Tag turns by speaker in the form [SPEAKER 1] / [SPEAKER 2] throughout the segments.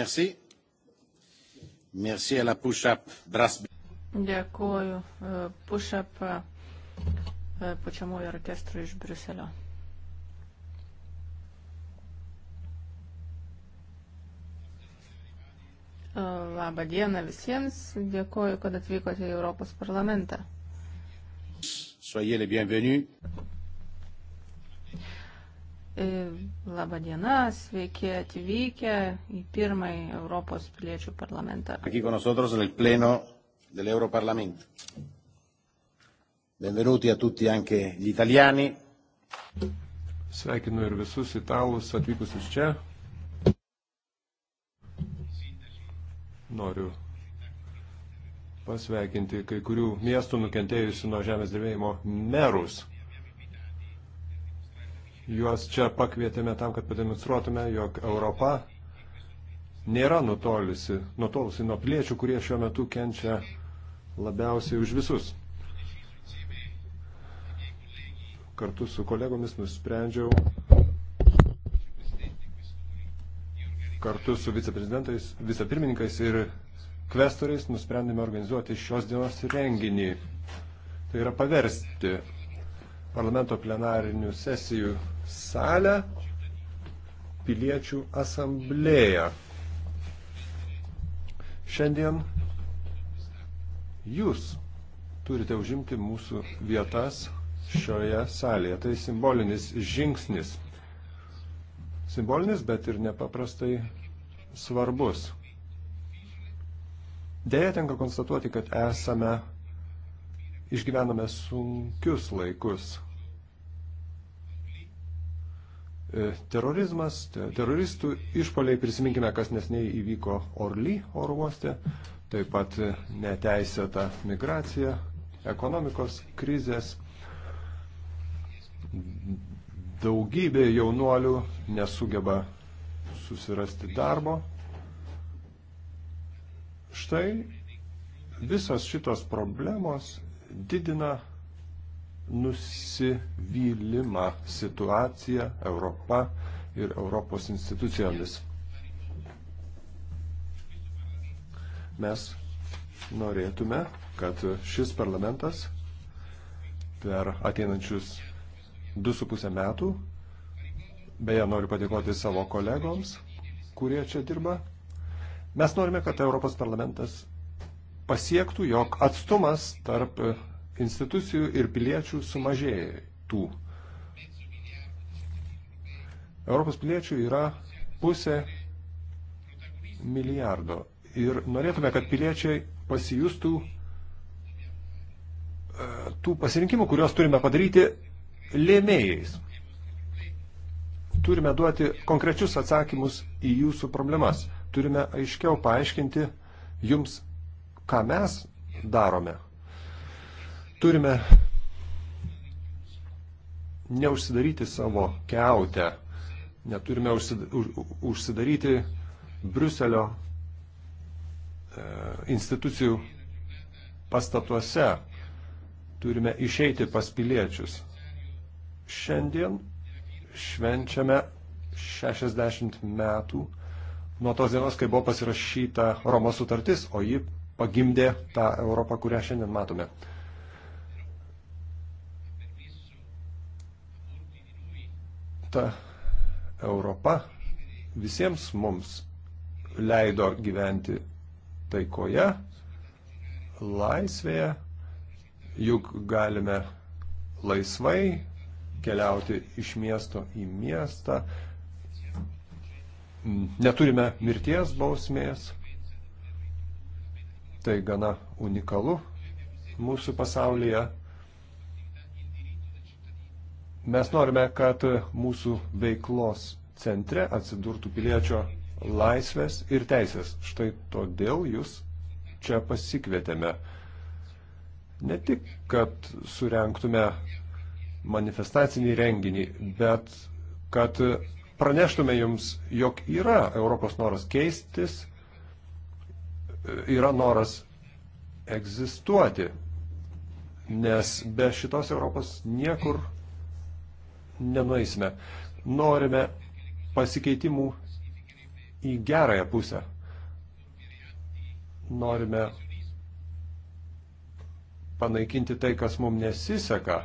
[SPEAKER 1] Merci. Merci à la push-up brass.
[SPEAKER 2] Dėkuoju e, push-up e, e, pučiamųjų orkestrų iš Briuselio. Labą dieną visiems. Dėkuoju, kad atvykote į Europos parlamentą.
[SPEAKER 1] Soyez les bienvenus.
[SPEAKER 2] Labą dieną, sveiki atvykę į pirmąjį Europos piliečių
[SPEAKER 3] parlamentą.
[SPEAKER 1] Aquí con nosotros en el pleno del Europarlamento. Benvenuti a tutti anche gli italiani.
[SPEAKER 3] Sveikinu ir visus italus atvykusius čia. Noriu pasveikinti kai kurių miestų nukentėjusių nuo žemės drebėjimo merus. Juos čia pakvietėme tam, kad pademonstruotume, jog Europa nėra nutolusi, nutolusi nuo piliečių, kurie šiuo metu kenčia labiausiai už visus. Kartu su kolegomis nusprendžiau, kartu su viceprezidentais, vicepirmininkais ir kvestoriais nusprendėme organizuoti šios dienos renginį. Tai yra paversti parlamento plenarinių sesijų salę piliečių asamblėją. Šiandien jūs turite užimti mūsų vietas šioje salėje. Tai simbolinis žingsnis. Simbolinis, bet ir nepaprastai svarbus. Deja, tenka konstatuoti, kad esame Išgyvename sunkius laikus. E, terorizmas, teroristų išpoliai, prisiminkime, kas nesnei įvyko Orly oro uoste, taip pat neteisėta migracija, ekonomikos krizės, daugybė jaunuolių nesugeba susirasti darbo. Štai visos šitos problemos didina nusivylimą situaciją Europą ir Europos institucijomis. Mes norėtume, kad šis parlamentas per ateinančius 2,5 metų, beje, noriu padėkoti savo kolegoms, kurie čia dirba, mes norime, kad Europos parlamentas pasiektų, jog atstumas tarp institucijų ir piliečių sumažėtų. Europos piliečių yra pusė milijardo. Ir norėtume, kad piliečiai pasijustų e, tų pasirinkimų, kuriuos turime padaryti lėmėjais. Turime duoti konkrečius atsakymus į jūsų problemas. Turime aiškiau paaiškinti jums ką mes darome. Turime neužsidaryti savo keutę, neturime užsidaryti Bruselio e, institucijų pastatuose, turime išeiti pas piliečius. Šiandien švenčiame 60 metų nuo tos dienos, kai buvo pasirašyta Romos sutartis, o ji pagimdė tą Europą, kurią šiandien matome. Ta Europa visiems mums leido gyventi taikoje, laisvėje, juk galime laisvai keliauti iš miesto į miestą, neturime mirties bausmės, Tai gana unikalu mūsų pasaulyje. Mes norime, kad mūsų veiklos centre atsidurtų piliečio laisvės ir teisės. Štai todėl jūs čia pasikvietėme. Ne tik, kad surenktume manifestacinį renginį, bet kad praneštume jums, jog yra Europos noras keistis, yra noras egzistuoti, nes be šitos Europos niekur nenueisime. Norime pasikeitimų į gerąją pusę. Norime panaikinti tai, kas mums nesiseka.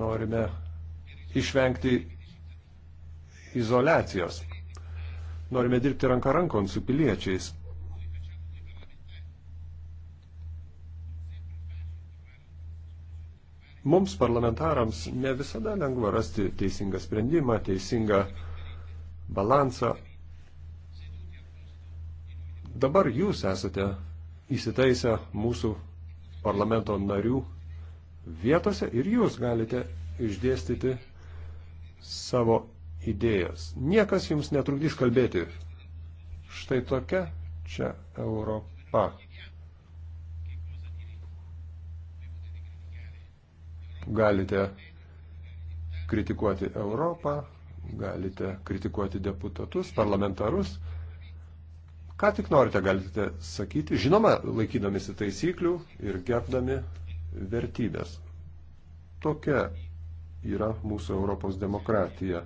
[SPEAKER 3] Norime išvengti izolacijos. Norime dirbti ranką rankon su piliečiais. Mums parlamentarams ne visada lengva rasti teisingą sprendimą, teisingą balansą. Dabar jūs esate įsitaisę mūsų parlamento narių vietose ir jūs galite išdėstyti savo idėjas. Niekas jums netrukdys kalbėti. Štai tokia čia Europa. Galite kritikuoti Europą, galite kritikuoti deputatus, parlamentarus. Ką tik norite galite sakyti, žinoma, laikydamėsi taisyklių ir gerbdami vertybės. Tokia yra mūsų Europos demokratija.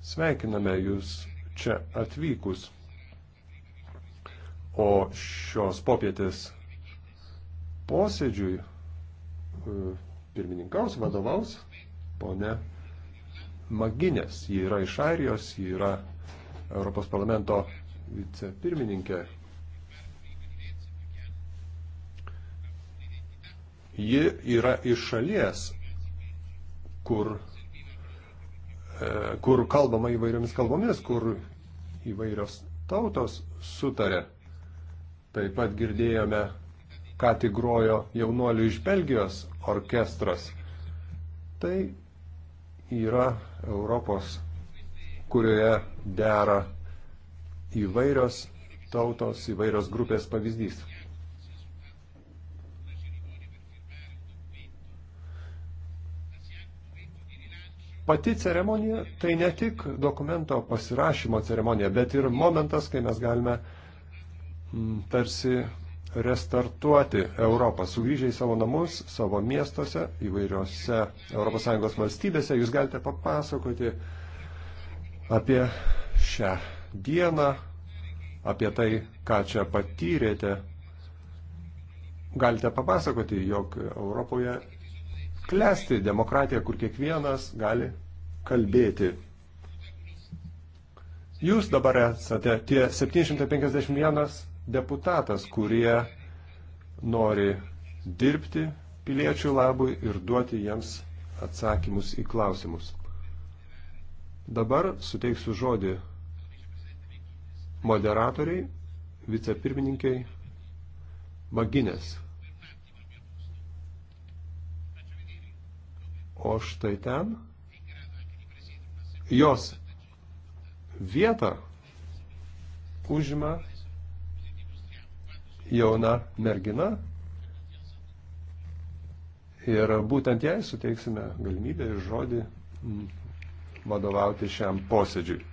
[SPEAKER 3] Sveikiname Jūs čia atvykus. O šios popietės posėdžiui e, pirmininkaus vadovaus ponė Maginės. Ji yra iš Airijos, ji yra Europos parlamento vicepirmininkė. Ji yra iš šalies, kur E, kur kalbama įvairiomis kalbomis, kur įvairios tautos sutarė. Taip pat girdėjome, ką tik grojo jaunuolių iš Belgijos orkestras. Tai yra Europos, kurioje dera įvairios tautos, įvairios grupės pavyzdys. Pati ceremonija tai ne tik dokumento pasirašymo ceremonija, bet ir momentas, kai mes galime mm, tarsi restartuoti Europą. Sugrįžę į savo namus, savo miestuose, įvairiose ES valstybėse, jūs galite papasakoti apie šią dieną, apie tai, ką čia patyrėte. Galite papasakoti, jog Europoje klesti demokratija, kur kiekvienas gali kalbėti. Jūs dabar esate tie 751 deputatas, kurie nori dirbti piliečių labui ir duoti jiems atsakymus į klausimus. Dabar suteiksiu žodį moderatoriai, vicepirmininkiai Maginės. o štai ten jos vietą užima jauna mergina ir būtent jai suteiksime galimybę ir žodį vadovauti šiam posėdžiui.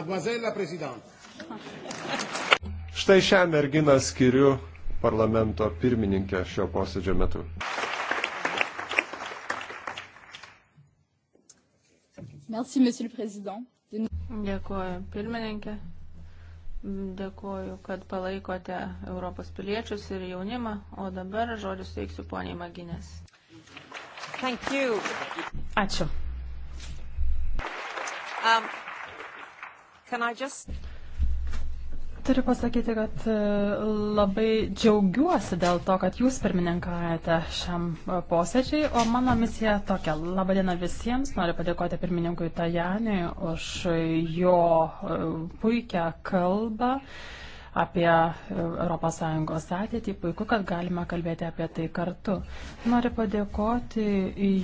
[SPEAKER 1] Mademoiselle la Présidente.
[SPEAKER 3] Štai šią merginą skiriu parlamento pirmininkę šio posėdžio metu. Merci,
[SPEAKER 2] Monsieur le Président. Dėkuoju, pirmininkė. Dėkuoju, kad palaikote Europos piliečius ir jaunimą, o dabar žodžius teiksiu poniai Maginės.
[SPEAKER 4] Ačiū.
[SPEAKER 5] Um, Just...
[SPEAKER 4] Turiu pasakyti, kad e, labai džiaugiuosi dėl to, kad jūs pirmininkavate šiam e, posėdžiai, o mano misija tokia. Labadiena visiems, noriu padėkoti pirmininkui Tajaniui už jo e, puikią kalbą apie ES ateitį. Puiku, kad galima kalbėti apie tai kartu. Noriu padėkoti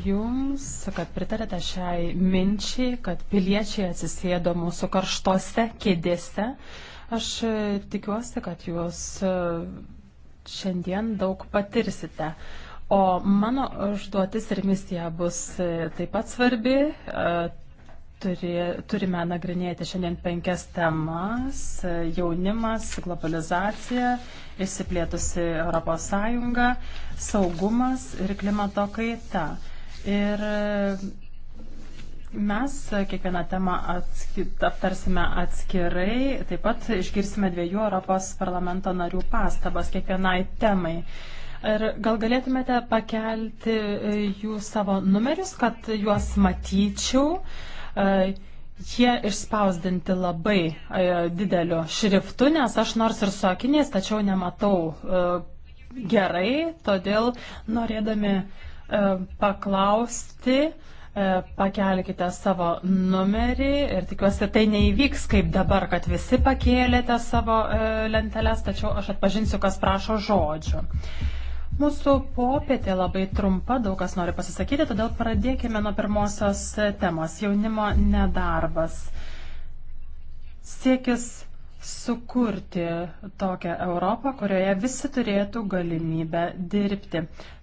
[SPEAKER 4] Jums, kad pritarėte šiai minčiai, kad piliečiai atsisėdo mūsų karštose kėdėse. Aš e, tikiuosi, kad Jūs e, šiandien daug patirsite. O mano užduotis ir misija bus e, taip pat svarbi Turi, turime nagrinėti šiandien penkias temas - jaunimas, globalizacija, išsiplėtusi Europos Sąjunga, saugumas ir klimato kaita. Ir mes kiekvieną temą atski, aptarsime atskirai, taip pat išgirsime dviejų Europos parlamento narių pastabas kiekvienai temai. Ir gal galėtumėte pakelti e, jų savo numerius, kad juos matyčiau? E, jie išspausdinti labai e, dideliu šriftu, nes aš nors ir su akiniais, tačiau nematau e, gerai, todėl norėdami paklausti, pakelkite savo numerį ir tikiuosi tai neįvyks kaip dabar, kad visi pakėlėte savo lenteles, tačiau aš atpažinsiu, kas prašo žodžių. Mūsų popietė labai trumpa, daug kas nori pasisakyti, todėl pradėkime nuo pirmosios temos - jaunimo nedarbas. Siekis sukurti tokią Europą, kurioje visi turėtų galimybę dirbti.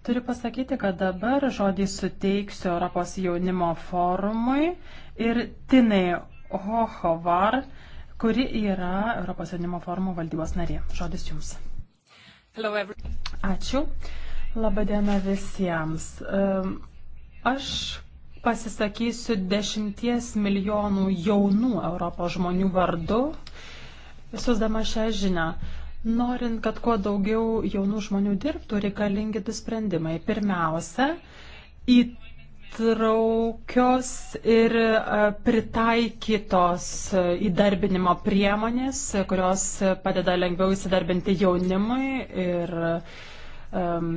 [SPEAKER 4] Turiu pasakyti, kad dabar žodį suteiksiu Europos jaunimo forumui ir Tinai Hohovar, kuri yra Europos jaunimo forumo valdybos narė. Žodis jums. Ačiū. Labadiena visiems. Aš pasisakysiu dešimties milijonų jaunų Europos žmonių vardu, siūsdama šią žinią. Norint, kad kuo daugiau jaunų žmonių dirbtų, reikalingi du sprendimai. Pirmiausia, į patraukios ir e, pritaikytos įdarbinimo priemonės, kurios padeda lengviau įsidarbinti jaunimui ir um,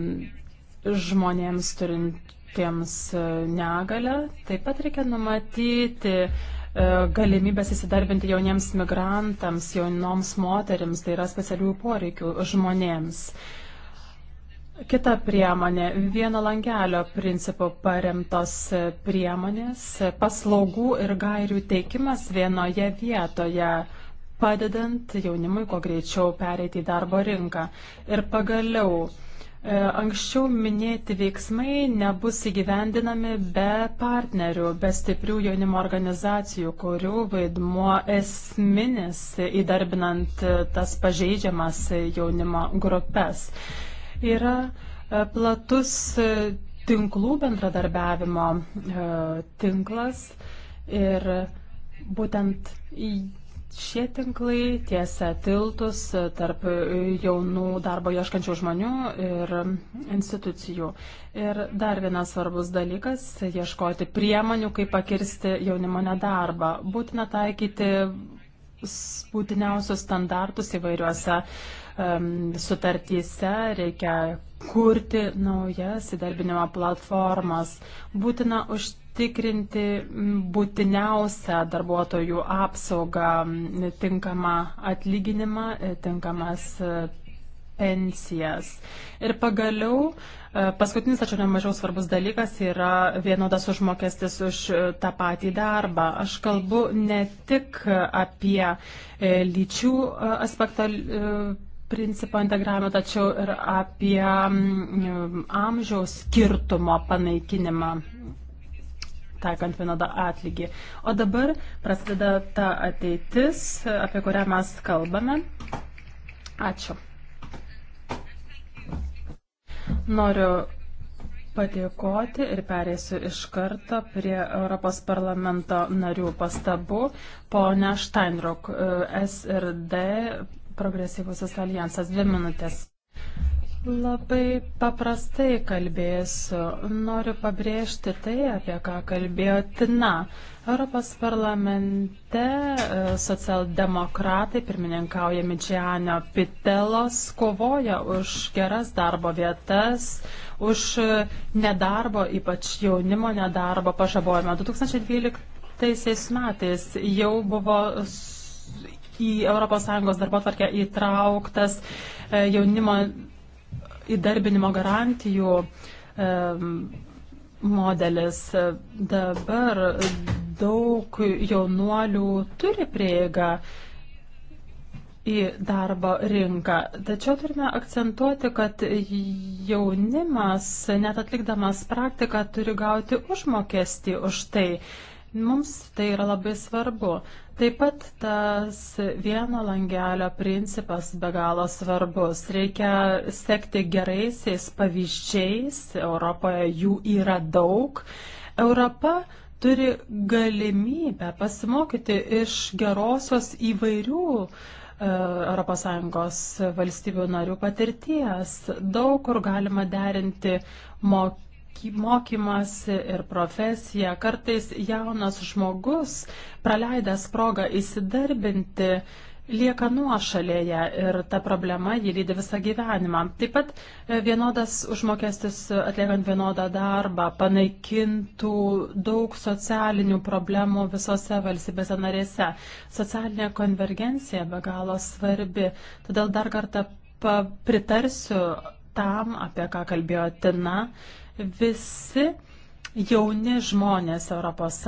[SPEAKER 4] žmonėms turintiems e, negalę. Taip pat reikia numatyti e, galimybės įsidarbinti jauniems migrantams, jaunoms moteriams, tai yra specialių poreikių žmonėms. Uh, Kita priemonė - vieno langelio principu paremtos priemonės, paslaugų ir gairių teikimas vienoje vietoje, padedant jaunimui kuo greičiau pereiti į darbo rinką. Ir pagaliau, e, anksčiau minėti veiksmai nebus įgyvendinami be partnerių, be stiprių jaunimo organizacijų, kurių vaidmuo esminis įdarbinant tas pažeidžiamas jaunimo grupes. Yra e, platus e, tinklų bendradarbiavimo e, tinklas ir būtent šie tinklai tiesia tiltus tarp jaunų darbo ieškančių žmonių ir institucijų. Ir dar vienas svarbus dalykas - ieškoti priemonių, kaip pakirsti jaunimo nedarbą. Būtina taikyti būtiniausius standartus įvairiuose uh, sutartyse, reikia kurti naujas įdarbinimo platformas. Būtina užtikrinti būtiniausią darbuotojų apsaugą, tinkamą atlyginimą, e, tinkamas e, pensijas. Ir pagaliau, e, paskutinis, tačiau nemažiau svarbus dalykas yra vienodas užmokestis už tą patį darbą. Aš kalbu ne tik apie lyčių aspektą principą integravimą, tačiau ir apie mm, amžiaus skirtumo panaikinimą taikant vienodą atlygį. O dabar prasideda ta ateitis, apie kurią mes kalbame. Ačiū. Noriu padėkoti ir perėsiu iš karto prie Europos parlamento narių pastabų. Pone Steinruk, S ir D progresyvusis alijansas. Dvi minutės. Labai paprastai kalbėsiu. Noriu pabrėžti tai, apie ką kalbėjo Tina. Europos parlamente e, socialdemokratai, pirmininkaujami Džianio Pitelos, kovoja už geras darbo vietas, už e, nedarbo, ypač jaunimo nedarbo pažabojimą. 2012 metais jau buvo į ES darbo tvarkę įtrauktas e, jaunimo įdarbinimo garantijų e, modelis. E, dabar daug jaunuolių turi prieigą į darbo rinką. Tačiau turime akcentuoti, kad jaunimas, net atlikdamas praktiką, turi gauti užmokestį už tai. Mums tai yra labai svarbu. Taip pat tas vieno langelio principas be galo svarbus. Reikia sekti geraisiais pavyzdžiais. Europoje jų yra daug. Europa turi galimybę pasimokyti iš gerosios įvairių ES valstybių narių patirties. Daug kur galima derinti mokymą mokymas ir profesija. Kartais jaunas žmogus, praleidęs progą įsidarbinti, lieka nuošalėje ir ta problema jį lydi visą gyvenimą. Taip pat e, vienodas užmokestis e, atliekant vienodą darbą panaikintų daug socialinių problemų visose valstybėse narėse. Socialinė konvergencija be galo svarbi, todėl dar kartą pritarsiu tam, apie ką kalbėjo Tina. Visi jauni žmonės ES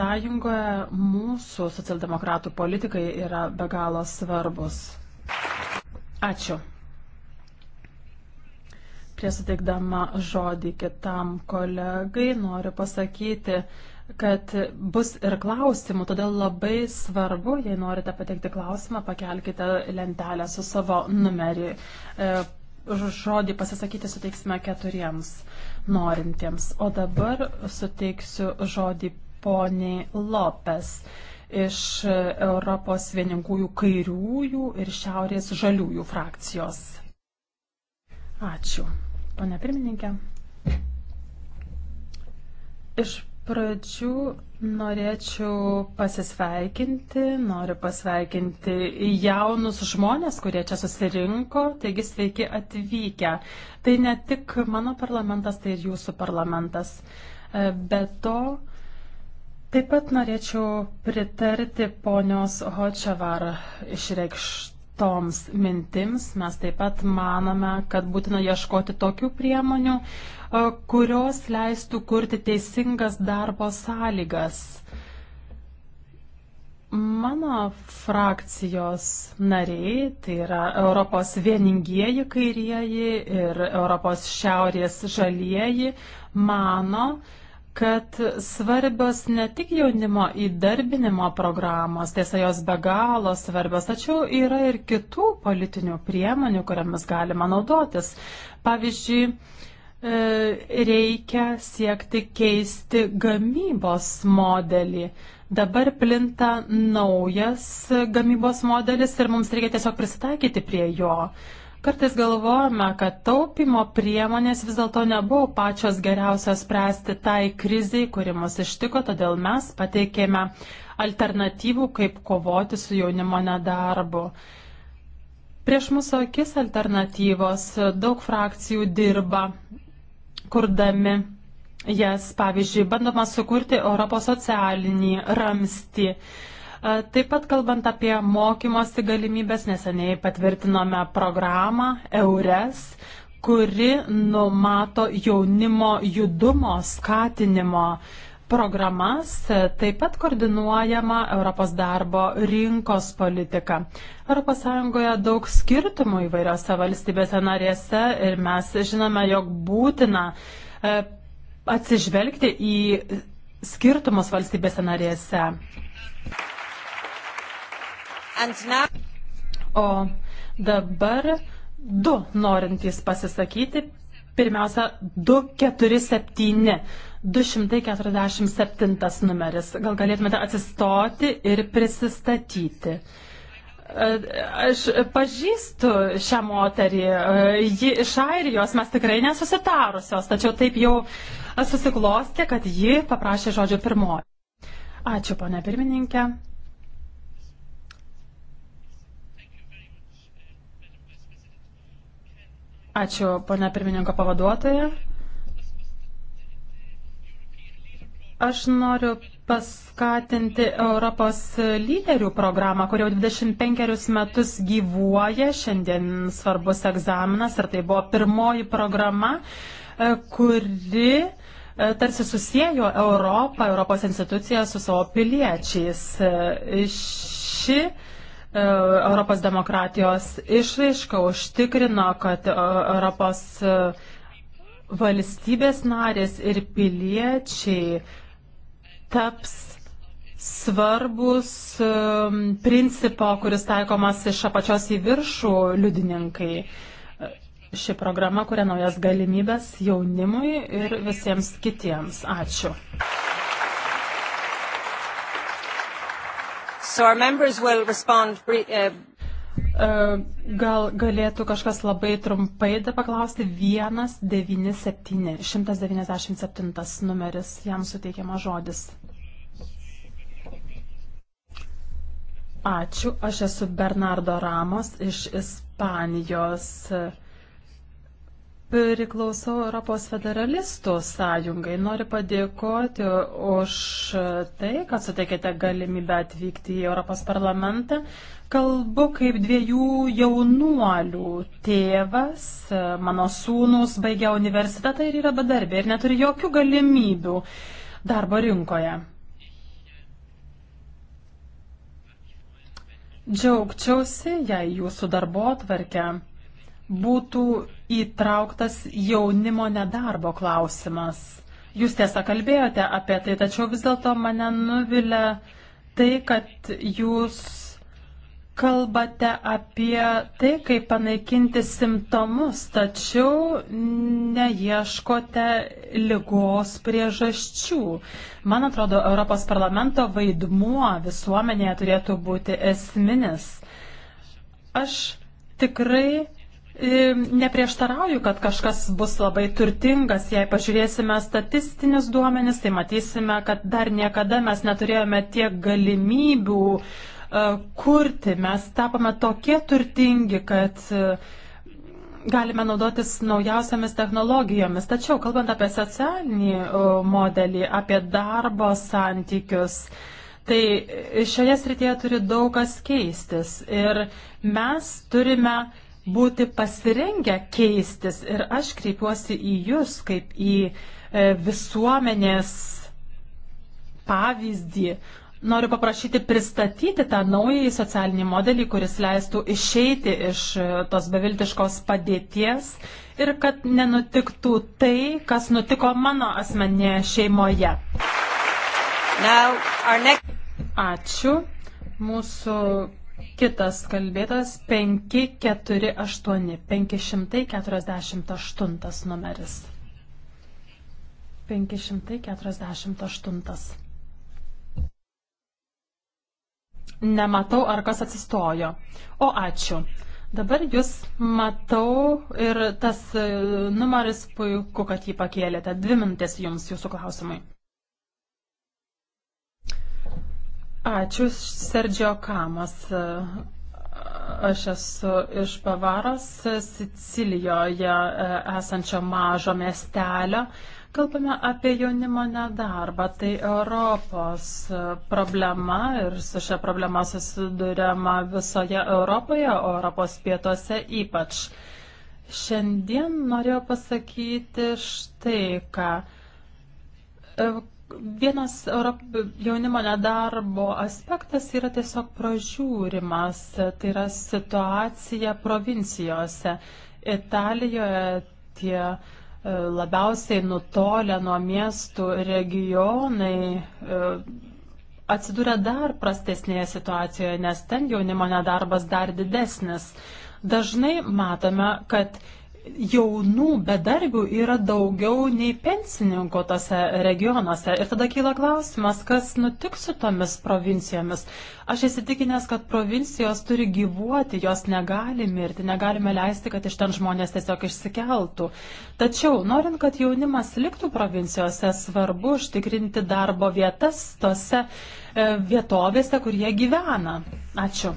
[SPEAKER 4] mūsų socialdemokratų politikai yra be galo svarbus. Ačiū. Prieš suteikdama žodį kitam kolegai noriu pasakyti, kad bus ir klausimų, todėl labai svarbu, jei norite pateikti klausimą, pakelkite lentelę su savo numeriu. E, žodį pasisakyti suteiksime keturiems norintiems. O dabar suteiksiu žodį poniai Lopes iš Europos vieningųjų kairiųjų ir šiaurės žaliųjų frakcijos. Ačiū. Pane pirmininkė. Iš pradžių norėčiau pasisveikinti, noriu pasveikinti jaunus žmonės, kurie čia susirinko, taigi sveiki atvykę. Tai ne tik mano parlamentas, tai ir jūsų parlamentas. E, be to, taip pat norėčiau pritarti ponios Hočevar išreikštų toms mintims. Mes taip pat manome, kad būtina ieškoti tokių priemonių, e, kurios leistų kurti teisingas darbo sąlygas. Mano frakcijos nariai, tai yra Europos vieningieji kairieji ir Europos šiaurės žalieji, mano, kad svarbios ne tik jaunimo įdarbinimo programos, tiesa jos be galo svarbios, tačiau yra ir kitų politinių priemonių, kuriamis galima naudotis. Pavyzdžiui, e, reikia siekti keisti gamybos modelį. Dabar plinta naujas gamybos modelis ir mums reikia tiesiog prisitaikyti prie jo. Kartais galvojame, kad taupimo priemonės vis dėlto nebuvo pačios geriausios spręsti tai kriziai, kuri mus ištiko, todėl mes pateikėme alternatyvų, kaip kovoti su jaunimo nedarbu. Prieš mūsų akis alternatyvos daug frakcijų dirba, kurdami jas, pavyzdžiui, bandoma sukurti Europos socialinį ramstį. Taip pat kalbant apie mokymosi galimybės, neseniai patvirtinome programą EURES, kuri numato jaunimo judumo skatinimo programas, taip pat koordinuojama Europos darbo rinkos politika. ES daug skirtumų įvairiose valstybėse narėse ir mes žinome, jog būtina e, atsižvelgti į skirtumus valstybėse narėse. O dabar du norintys pasisakyti. Pirmiausia, 247. 247 numeris. Gal galėtumėte atsistoti ir prisistatyti? E, aš pažįstu šią moterį, e, ji iš Airijos, mes tikrai nesusitarusios, tačiau taip jau susiklosti, kad ji paprašė žodžio pirmoji. Ačiū, ponė pirmininkė. Ačiū, ponia pirmininko pavaduotoja. Aš noriu paskatinti Europos lyderių programą, kur jau 25 metus gyvuoja, šiandien svarbus egzaminas, ir tai buvo pirmoji programa, e, kuri e, tarsi susijėjo Europą, Europos instituciją su savo piliečiais. E, ši E, Europos demokratijos išraiška užtikrino, kad e, Europos e, valstybės narės ir piliečiai taps svarbus principo, kuris taikomas iš apačios į viršų liudininkai. Ši programa kuria naujas galimybės jaunimui ir visiems kitiems. Ačiū.
[SPEAKER 5] So our members will respond uh, e, Gal galėtų
[SPEAKER 4] kažkas labai trumpai dar paklausti. 197, 197 numeris, jam suteikiama žodis. Ačiū, aš esu Bernardo Ramos iš Ispanijos. Uh, Priklausau Europos federalistų sąjungai. Noriu padėkoti už tai, kad suteikėte galimybę atvykti į Europos parlamentą. Kalbu kaip dviejų jaunuolių tėvas. Mano sūnus baigia universitetą ir yra bedarbė ir neturi jokių galimybių darbo rinkoje. Džiaugčiausi, jei jūsų darbo atvarkę būtų įtrauktas jaunimo nedarbo klausimas. Jūs tiesą kalbėjote apie tai, tačiau vis dėlto mane nuvilia tai, kad jūs kalbate apie tai, kaip panaikinti simptomus, tačiau neieškote lygos priežasčių. Man atrodo, Europos parlamento vaidmuo visuomenėje turėtų būti esminis. Aš tikrai Neprieštarauju, kad kažkas bus labai turtingas. Jei pažiūrėsime statistinius duomenis, tai matysime, kad dar niekada mes neturėjome tiek galimybių e, kurti. Mes tapome tokie turtingi, kad e, galime naudotis naujausiamis technologijomis. Tačiau, kalbant apie socialinį e, modelį, apie darbo santykius, tai šioje srityje turi daug kas keistis. Ir mes turime būti pasirengę keistis. Ir aš kreipiuosi į Jūs kaip į e, visuomenės pavyzdį. Noriu paprašyti pristatyti tą naująjį socialinį modelį, kuris leistų išeiti iš e, tos beviltiškos padėties ir kad nenutiktų tai, kas nutiko mano asmenėje šeimoje. Now, next... Ačiū. Mūsų kitas kalbėtas 548, 548 numeris. 548. Nematau, ar kas atsistojo. O ačiū. Dabar jūs matau ir tas e, numeris puiku, kad jį pakėlėte. Dvi minutės jums jūsų klausimai. Ačiū, Sergio Kamas. Aš esu iš Bavaros, Sicilijoje e, esančio mažo miestelio. Kalbame apie jaunimo nedarbą. Tai Europos e, problema ir su šia problema susidurėma visoje Europoje, Europos pietuose ypač. Šiandien norėjau pasakyti štai ką e, Vienas jaunimo nedarbo aspektas yra tiesiog pražiūrimas, tai yra situacija provincijose. Italijoje tie e, labiausiai nutolę nuo miestų regionai e, atsidūrė dar prastesnėje situacijoje, nes ten jaunimo nedarbas dar didesnis. Dažnai matome, kad jaunų bedarbių yra daugiau nei pensininkų tose regionuose. Ir tada kyla klausimas, kas nutiks su tomis provincijomis. Aš įsitikinęs, kad provincijos turi gyvuoti, jos negali mirti, negalime leisti, kad iš ten žmonės tiesiog išsikeltų. Tačiau, norint, kad jaunimas liktų provincijose, svarbu užtikrinti darbo vietas tose e, vietovėse, kur jie gyvena. Ačiū.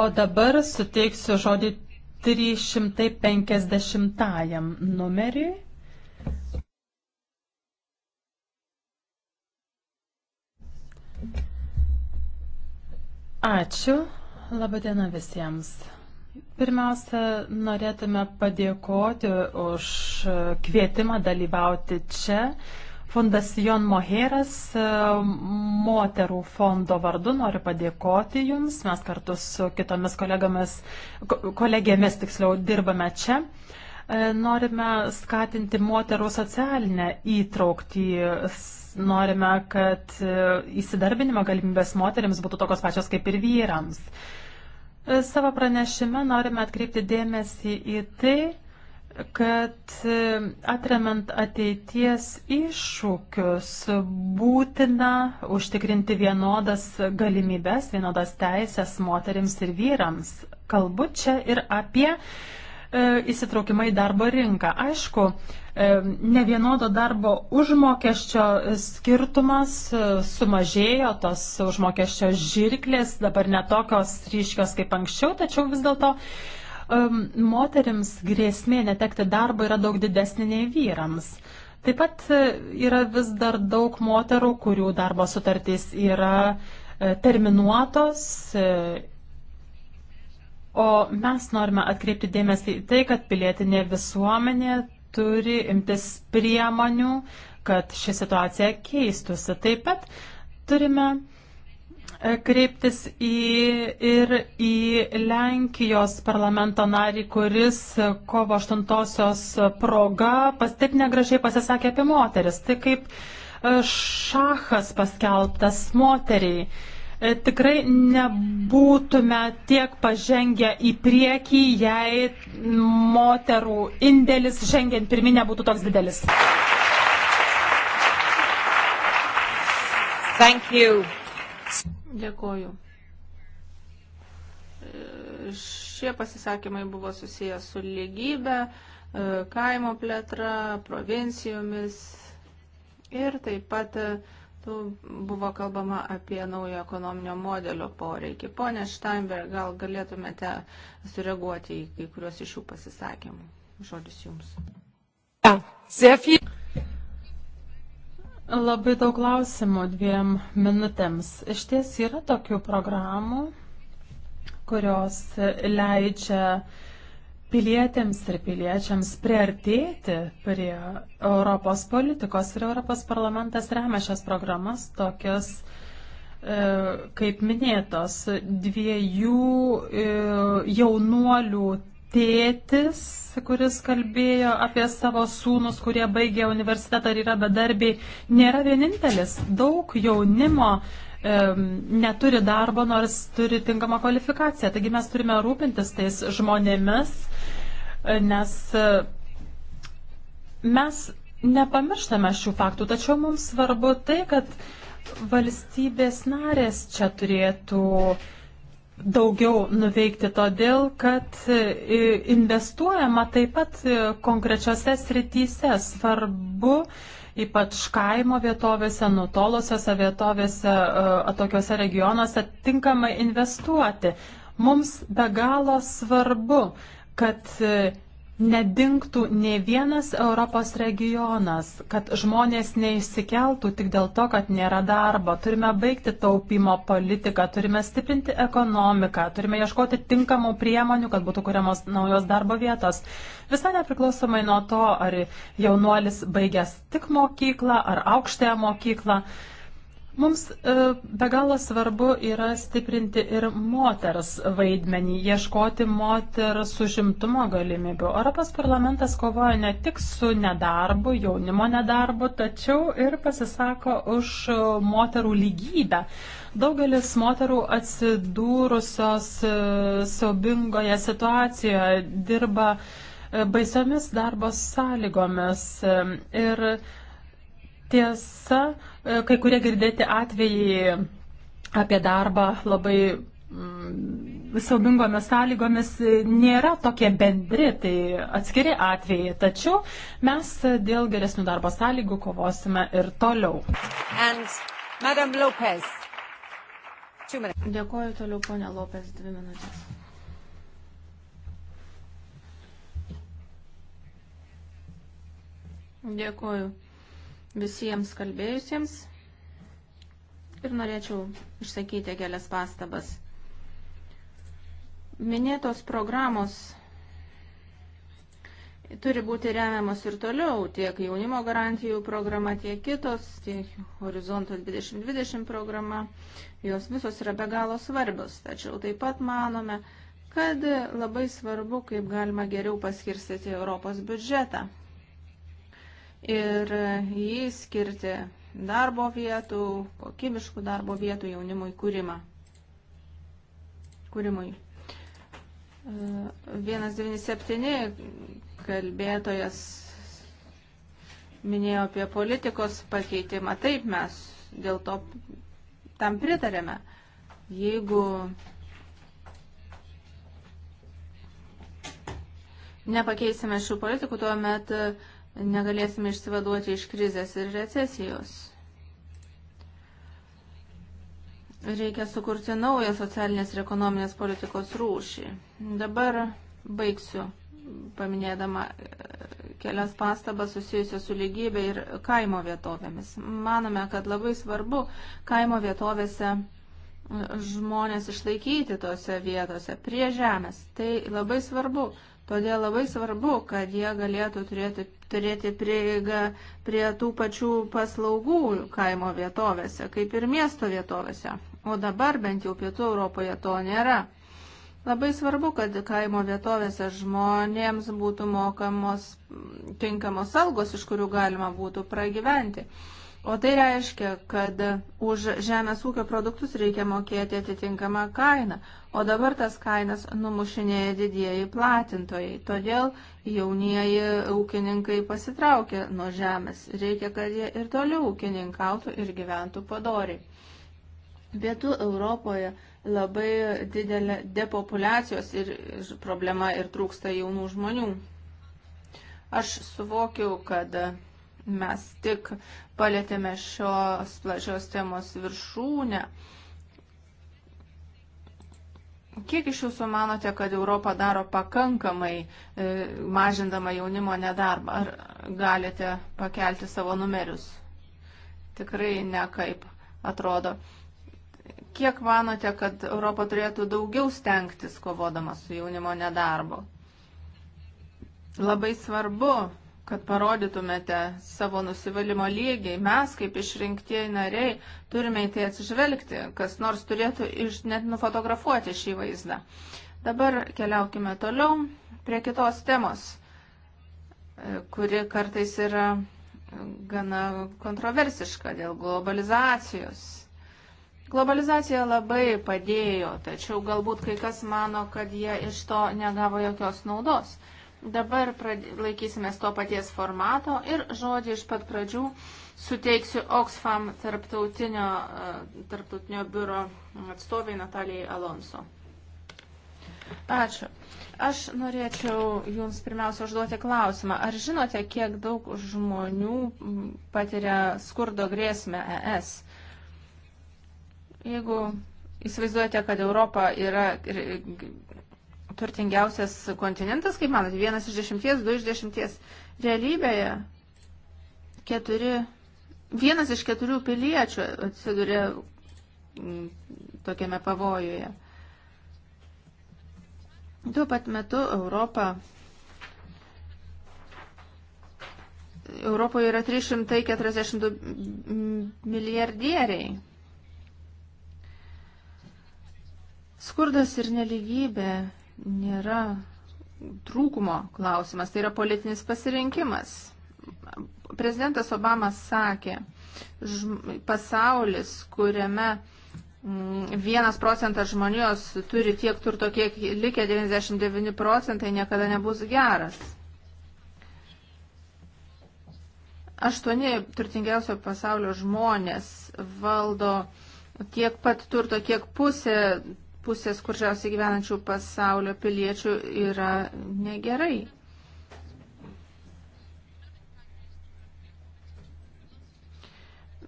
[SPEAKER 4] O dabar suteiksiu žodį 350 numeriui. Ačiū. Labadiena visiems. Pirmiausia, norėtume padėkoti už kvietimą dalyvauti čia. Fondas Jon Moheras e, moterų fondo vardu nori padėkoti Jums. Mes kartu su kitomis kolegomis, kolegėmis tiksliau dirbame čia. E, norime skatinti moterų socialinę įtraukti. Norime, kad e, įsidarbinimo galimybės moteriams būtų tokios pačios kaip ir vyrams. Savo pranešime norime atkreipti dėmesį į tai, kad e, atremant ateities iššūkius būtina užtikrinti vienodas galimybes, vienodas teisės moterims ir vyrams. Kalbu čia ir apie e, įsitraukimą į darbo rinką. Aišku, e, ne vienodo darbo užmokesčio skirtumas e, sumažėjo, tos užmokesčio žirklės dabar netokios ryškios kaip anksčiau, tačiau vis dėlto um, moterims grėsmė netekti darbo yra daug didesnė nei vyrams. Taip pat e, yra vis dar daug moterų, kurių darbo sutartys yra e, terminuotos. E, o mes norime atkreipti dėmesį į tai, kad pilietinė visuomenė turi imtis priemonių, kad ši situacija keistusi. Taip pat turime kreiptis į, ir į Lenkijos parlamento narį, kuris kovo 8-osios proga pas, taip negražiai pasisakė apie moteris. Tai kaip e, šachas paskelbtas moteriai e, tikrai nebūtume tiek pažengę į priekį, jei moterų indėlis žengiant pirmin nebūtų toks didelis. Thank
[SPEAKER 2] you. Dėkoju. Šie pasisakymai buvo susijęs su lygybė, kaimo plėtra, provincijomis ir taip pat buvo kalbama apie naujo ekonominio modelio poreikį. Pone Steinberg, gal galėtumėte sureaguoti į kai kuriuos iš šių pasisakymų. Žodis jums.
[SPEAKER 4] Ja, Labai daug klausimų dviem minutėms. Iš ties yra tokių programų, kurios leidžia pilietėms ir piliečiams priartėti prie Europos politikos ir Europos parlamentas remia šias programas tokias e, kaip minėtos dviejų e, jaunuolių tėtis, kuris kalbėjo apie savo sūnus, kurie baigė universitetą ir yra bedarbiai, nėra vienintelis. Daug jaunimo e, neturi darbo, nors turi tinkamą kvalifikaciją. Taigi mes turime rūpintis tais žmonėmis, e, nes e, mes nepamirštame šių faktų, tačiau mums svarbu tai, kad valstybės narės čia turėtų uh, daugiau nuveikti todėl, kad e, investuojama taip pat e, konkrečiose srityse. Svarbu ypač kaimo vietovėse, nutolosiose vietovėse, e, atokiose regionuose tinkamai investuoti. Mums be galo svarbu, kad nedingtų ne vienas Europos regionas, kad žmonės neįsikeltų tik dėl to, kad nėra darbo. Turime baigti taupimo politiką, turime stiprinti ekonomiką, turime ieškoti tinkamų priemonių, kad būtų kuriamos naujos darbo vietos. Visai nepriklausomai nuo to, ar jaunuolis baigęs tik mokyklą ar aukštąją mokyklą. Mums e, be galo svarbu yra stiprinti ir moters vaidmenį, ieškoti moters užimtumo galimybių. Europos parlamentas kovoja ne tik su nedarbu, jaunimo nedarbu, tačiau ir pasisako už moterų lygybę. Daugelis moterų atsidūrusios e, siaubingoje situacijoje dirba e, baisiomis darbo sąlygomis. Ir tiesa, E, kai kurie girdėti atvejai apie darbą labai mm, siaubingomis sąlygomis nėra tokie bendri, tai atskiri atvejai, tačiau mes dėl geresnių darbo sąlygų kovosime ir toliau.
[SPEAKER 5] And,
[SPEAKER 2] Dėkuoju toliau, ponia Lopes, dvi minutės. Dėkuoju visiems kalbėjusiems ir norėčiau išsakyti kelias pastabas. Minėtos programos turi būti remiamos ir toliau, tiek jaunimo garantijų programa, tiek kitos, tiek Horizontas 2020 programa, jos visos yra be galo svarbios. Tačiau taip pat manome, kad labai svarbu, kaip galima geriau paskirstyti Europos biudžetą ir e, jį skirti darbo vietų, kokybiškų darbo vietų jaunimui kūrimą. kūrimui. 197 e, kalbėtojas minėjo apie politikos pakeitimą. Taip mes dėl to tam pritarėme. Jeigu nepakeisime šių politikų, tuomet met negalėsime išsivaduoti iš krizės ir recesijos. Reikia sukurti naują socialinės ir ekonominės politikos rūšį. Dabar baigsiu paminėdama e, kelias pastabas susijusios su lygybė ir kaimo vietovėmis. Manome, kad labai svarbu kaimo vietovėse e, žmonės išlaikyti tose vietose prie žemės. Tai labai svarbu. Todėl labai svarbu, kad jie galėtų turėti, turėti prieigą prie tų pačių paslaugų kaimo vietovėse, kaip ir miesto vietovėse. O dabar bent jau pietų Europoje to nėra. Labai svarbu, kad kaimo vietovėse žmonėms būtų mokamos tinkamos algos, iš kurių galima būtų pragyventi. O tai reiškia, kad už žemės ūkio produktus reikia mokėti atitinkamą kainą, o dabar tas kainas numušinėja didieji platintojai. Todėl jaunieji ūkininkai pasitraukia nuo žemės. Reikia, kad jie ir toliau ūkininkautų ir gyventų padoriai. Pietų Europoje labai didelė depopulacijos ir problema ir trūksta jaunų žmonių. Aš suvokiau, kad Mes tik palėtėme šios plačios temos viršūnę. Kiek iš jūsų manote, kad Europa daro pakankamai e, mažindama jaunimo nedarbą? Ar galite pakelti savo numerius? Tikrai nekaip atrodo. Kiek manote, kad Europa turėtų daugiau stengtis kovodama su jaunimo nedarbu? Labai svarbu kad parodytumėte savo nusivalimo lygiai. Mes, kaip išrinktieji nariai, turime į tai atsižvelgti. Kas nors turėtų iš, net nufotografuoti šį vaizdą. Dabar keliaukime toliau prie kitos temos, e, kuri kartais yra gana kontroversiška dėl globalizacijos. Globalizacija labai padėjo, tačiau galbūt kai kas mano, kad jie iš to negavo jokios naudos. Dabar laikysimės to paties formato ir žodį iš pat pradžių suteiksiu Oxfam tarptautinio, e, tarptautinio biuro atstoviai Natalijai Alonso. Ačiū. Aš norėčiau Jums pirmiausia užduoti klausimą. Ar žinote, kiek daug žmonių patiria skurdo grėsmę ES? Jeigu įsivaizduojate, kad Europa yra turtingiausias kontinentas, kaip manot, vienas iš dešimties, du iš dešimties. Realybėje keturi, vienas iš keturių piliečių atsiduria mm, tokiame pavojuje. Tuo pat metu Europa Europoje yra 342 milijardieriai. Skurdas ir neligybė nėra trūkumo klausimas, tai yra politinis pasirinkimas. Prezidentas Obama sakė, pasaulis, kuriame mm, vienas procentas žmonijos turi tiek turto, kiek likę 99 procentai, niekada nebus geras. Aštuoni turtingiausio pasaulio žmonės valdo tiek pat turto, kiek pusė pusės skurčiausiai gyvenančių pasaulio piliečių yra negerai.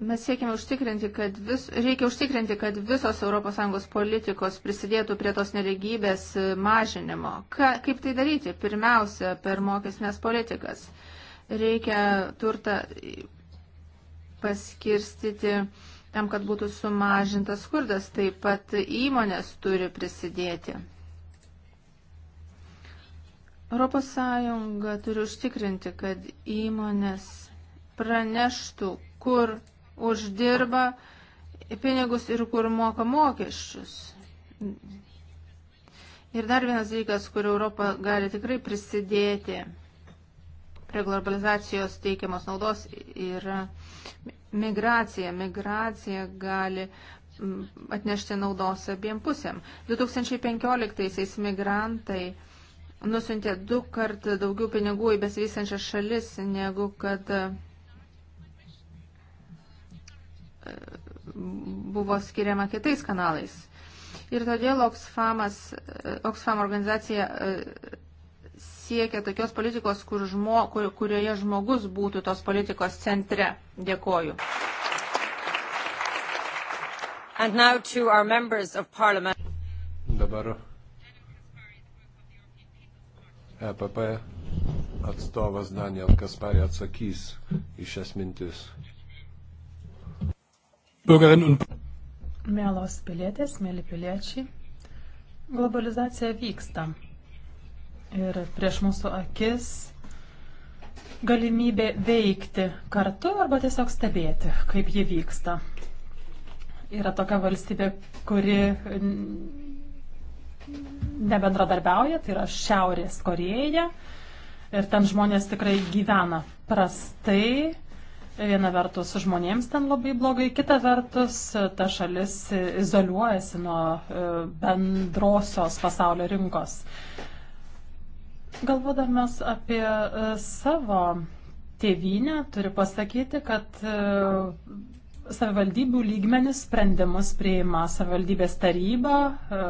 [SPEAKER 2] Mes siekime užtikrinti, kad vis, reikia užtikrinti, kad visos ES politikos prisidėtų prie tos neligybės mažinimo. Ka, kaip tai daryti? Pirmiausia, per mokesnės politikas. Reikia turtą paskirstyti tam, kad būtų sumažintas skurdas. Taip pat įmonės turi prisidėti. Europos Sąjunga turi užtikrinti, kad įmonės praneštų, kur uždirba pinigus ir kur moka mokesčius. Ir dar vienas dalykas, kur Europa gali tikrai prisidėti reglobalizacijos teikiamos naudos yra migracija. Migracija gali atnešti naudos abiem pusėm. 2015-aisiais migrantai nusintė du kart daugiau pinigų į besivystančias šalis, negu kad e, buvo skiriama kitais kanalais. Ir todėl Oxfamas, e, Oxfam organizacija e, siekia tokios politikos, kur žmo, kur, kurioje žmogus būtų tos
[SPEAKER 5] politikos centre. Dėkoju.
[SPEAKER 3] Dabar EPP atstovas Daniel Kaspari atsakys į šias mintis.
[SPEAKER 4] Mielos pilietės, mėly piliečiai, globalizacija vyksta ir prieš mūsų akis galimybė veikti kartu arba tiesiog stebėti, kaip ji vyksta. Yra tokia valstybė, kuri nebendradarbiauja, tai yra Šiaurės Koreja. Ir ten žmonės tikrai gyvena prastai. Viena vertus žmonėms ten labai blogai, kita vertus ta šalis izoliuojasi nuo e, bendrosios pasaulio rinkos. Galvodamas apie e, savo tėvynę, turiu pasakyti, kad e, savivaldybių lygmenis sprendimus priima savivaldybės taryba, e,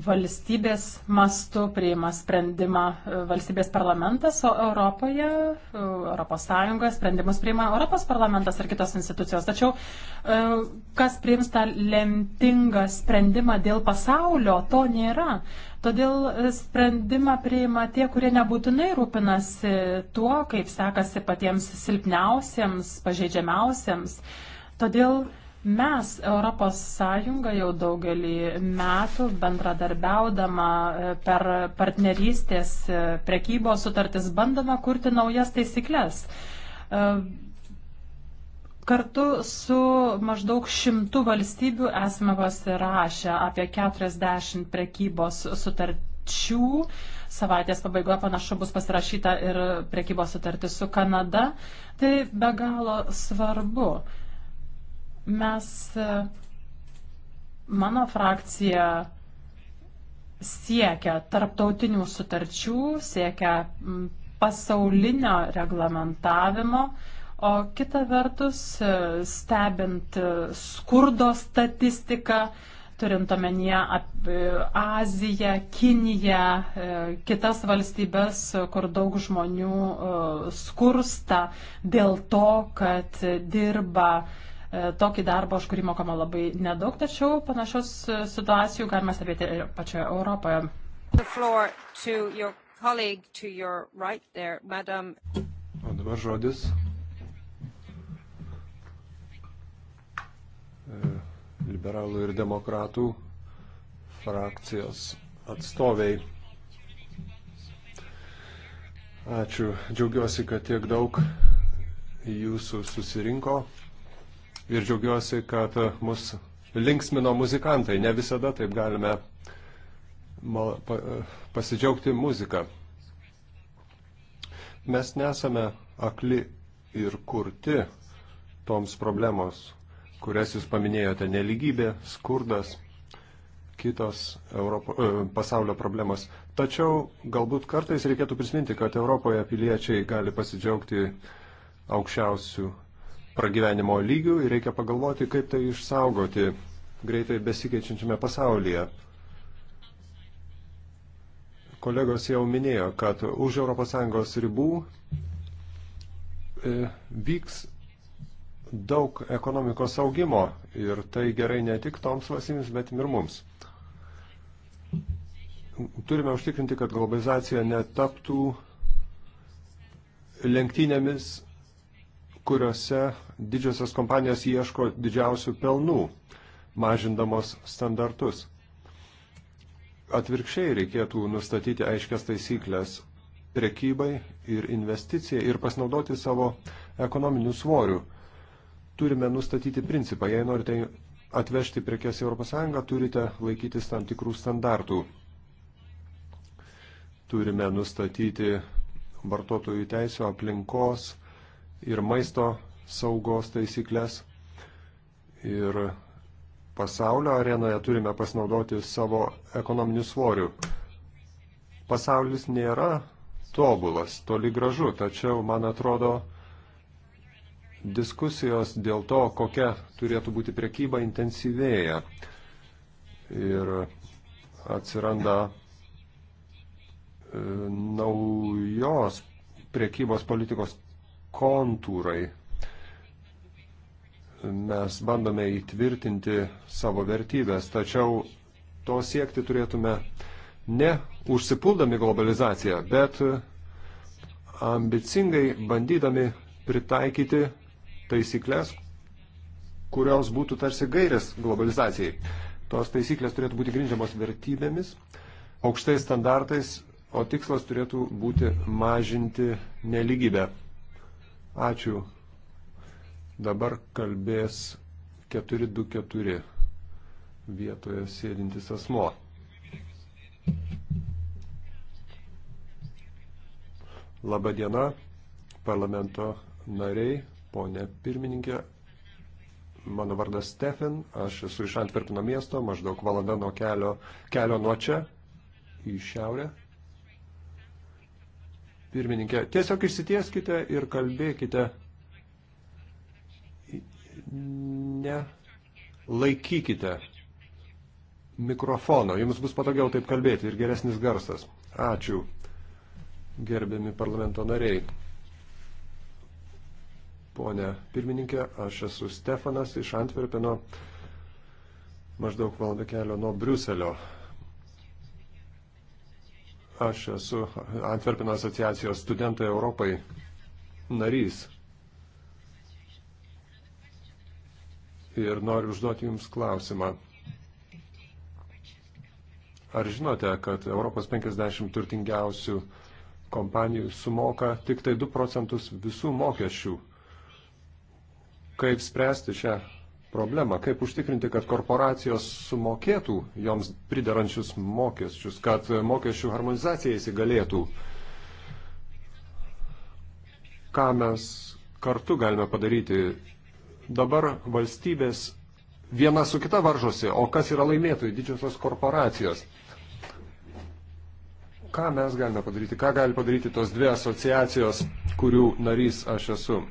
[SPEAKER 4] valstybės mastu priima sprendimą e, valstybės parlamentas, o Europoje, e, Europos Sąjungoje sprendimus priima Europos parlamentas ar kitos institucijos. Tačiau e, kas priims tą lemtingą sprendimą dėl pasaulio, to nėra. Todėl sprendimą priima tie, kurie nebūtinai rūpinasi tuo, kaip sekasi patiems silpniausiems, pažeidžiamiausiems. Todėl uh, Mes Europos Sąjunga jau daugelį metų bendradarbiaudama e, per partnerystės e, prekybos sutartis bandome kurti naujas taisyklės. E, kartu su maždaug šimtų valstybių esame pasirašę apie 40 prekybos sutarčių. Savaitės pabaigoje panašu bus pasirašyta ir prekybos sutartis su Kanada. Tai be galo svarbu. Mes, e, mano frakcija siekia tarptautinių sutarčių, siekia pasaulinio reglamentavimo, o kita vertus, e, stebint e, skurdo statistiką, turint omenyje Aziją, Kiniją, kitas valstybės, kur daug žmonių skursta dėl to, kad dirba E, tokį darbą, už kurį mokama labai nedaug, tačiau panašios e, situacijų galima stebėti ir pačioje Europoje.
[SPEAKER 5] Right there,
[SPEAKER 3] o dabar žodis. E, liberalų ir demokratų frakcijos atstoviai. Ačiū. Džiaugiuosi, kad tiek daug jūsų susirinko ir džiaugiuosi, kad mus linksmino muzikantai. Ne visada taip galime mal, pa, pasidžiaugti muziką. Mes nesame akli ir kurti toms problemos, kurias jūs paminėjote - neligybė, skurdas, kitos Europo, e, pasaulio problemos. Tačiau galbūt kartais reikėtų prisiminti, kad Europoje piliečiai gali pasidžiaugti aukščiausių pragyvenimo lygių ir reikia pagalvoti, kaip tai išsaugoti greitai besikeičiančiame pasaulyje. Kolegos jau minėjo, kad už ES ribų e, vyks daug ekonomikos augimo ir tai gerai ne tik toms valstybėms, bet ir mums. Turime užtikrinti, kad globalizacija netaptų lenktynėmis kuriuose didžiosios kompanijos ieško didžiausių pelnų, mažindamos standartus. Atvirkščiai reikėtų nustatyti aiškias taisyklės prekybai ir investicijai ir pasinaudoti savo ekonominių svorių. Turime nustatyti principą, jei norite atvežti prekes į ES, turite laikytis tam tikrų standartų. Turime nustatyti vartotojų teisų aplinkos ir maisto saugos taisyklės. Ir pasaulio arenoje turime pasinaudoti savo ekonominiu svoriu. Pasaulis nėra tobulas, toli gražu, tačiau, man atrodo, diskusijos dėl to, kokia turėtų būti priekyba, intensyvėja. Ir atsiranda e, naujos priekybos politikos kontūrai. Mes bandome įtvirtinti savo vertybės, tačiau to siekti turėtume ne užsipuldami globalizaciją, bet ambicingai bandydami pritaikyti taisyklės, kurios būtų tarsi gairės globalizacijai. Tos taisyklės turėtų būti grindžiamos vertybėmis, aukštais standartais, o tikslas turėtų būti mažinti neligybę. Ačiū. Dabar kalbės 424 vietoje sėdintis asmo. Labadiena, parlamento nariai, ponė pirmininkė. Mano vardas Stefan, aš esu iš Antverpino miesto, maždaug valanda nuo kelio, kelio nuo čia į šiaurę pirmininkė. Tiesiog išsitieskite ir kalbėkite. Ne laikykite mikrofono. Jums bus patogiau taip kalbėti ir geresnis garsas. Ačiū, gerbiami parlamento nariai. Pone pirmininkė, aš esu Stefanas iš Antverpeno, maždaug valandą kelio nuo Briuselio. Aš esu Antverpino asociacijos studentai Europai narys. Ir noriu užduoti Jums klausimą. Ar žinote, kad Europos 50 turtingiausių kompanijų sumoka tik tai 2 procentus visų mokesčių? Kaip spręsti šią problemą, kaip užtikrinti, kad korporacijos sumokėtų joms pridarančius mokesčius, kad mokesčių harmonizacija įsigalėtų. Ką mes kartu galime padaryti? Dabar valstybės viena su kita varžosi, o kas yra laimėtojai didžiosios korporacijos. Ką mes galime padaryti, ką gali padaryti tos dvi asociacijos, kurių narys aš esu.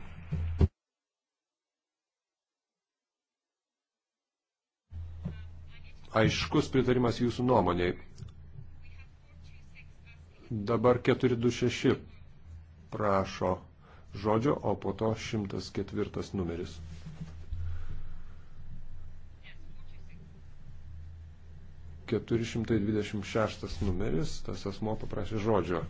[SPEAKER 3] aiškus pritarimas jūsų nuomoniai. Dabar 426 prašo žodžio, o po to 104 numeris. Keturi šimtai dvidešimt šeštas numeris, tas asmo paprašė žodžio.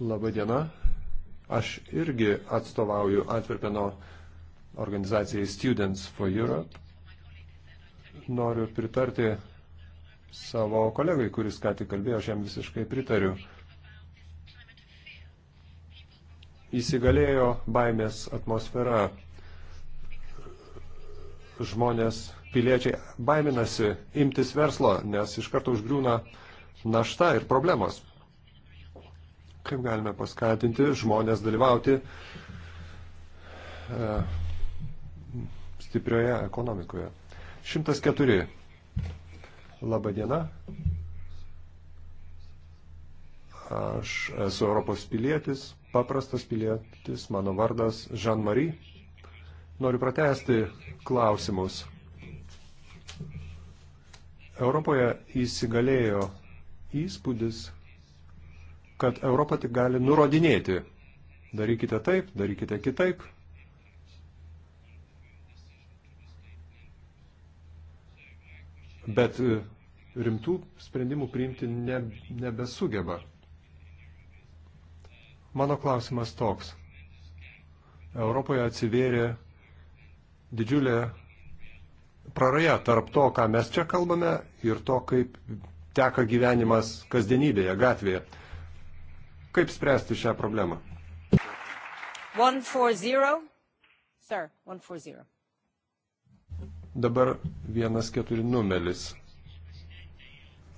[SPEAKER 3] Labą dieną, Aš irgi atstovauju Antverpeno organizacijai Students for Europe. Noriu pritarti savo kolegai, kuris ką tik kalbėjo, aš jam visiškai pritariu. Įsigalėjo baimės atmosfera. Žmonės, piliečiai baiminasi imtis verslo, nes iš karto užgriūna našta ir problemos. Kaip galime paskatinti žmonės dalyvauti e, stiprioje ekonomikoje. 104. Labą dieną. Aš esu Europos pilietis, paprastas pilietis, mano vardas Jean-Marie. Noriu pratesti klausimus. Europoje įsigalėjo įspūdis, kad Europa tik gali nurodinėti. Darykite taip, darykite kitaip. Bet e, rimtų sprendimų priimti ne, nebesugeba. Mano klausimas toks. Europoje atsivėrė didžiulė praraja tarp to, ką mes čia kalbame ir to, kaip teka gyvenimas kasdienybėje, gatvėje. Kaip spręsti šią problemą?
[SPEAKER 5] 140. Sir, 140.
[SPEAKER 3] Dabar 14 numeris.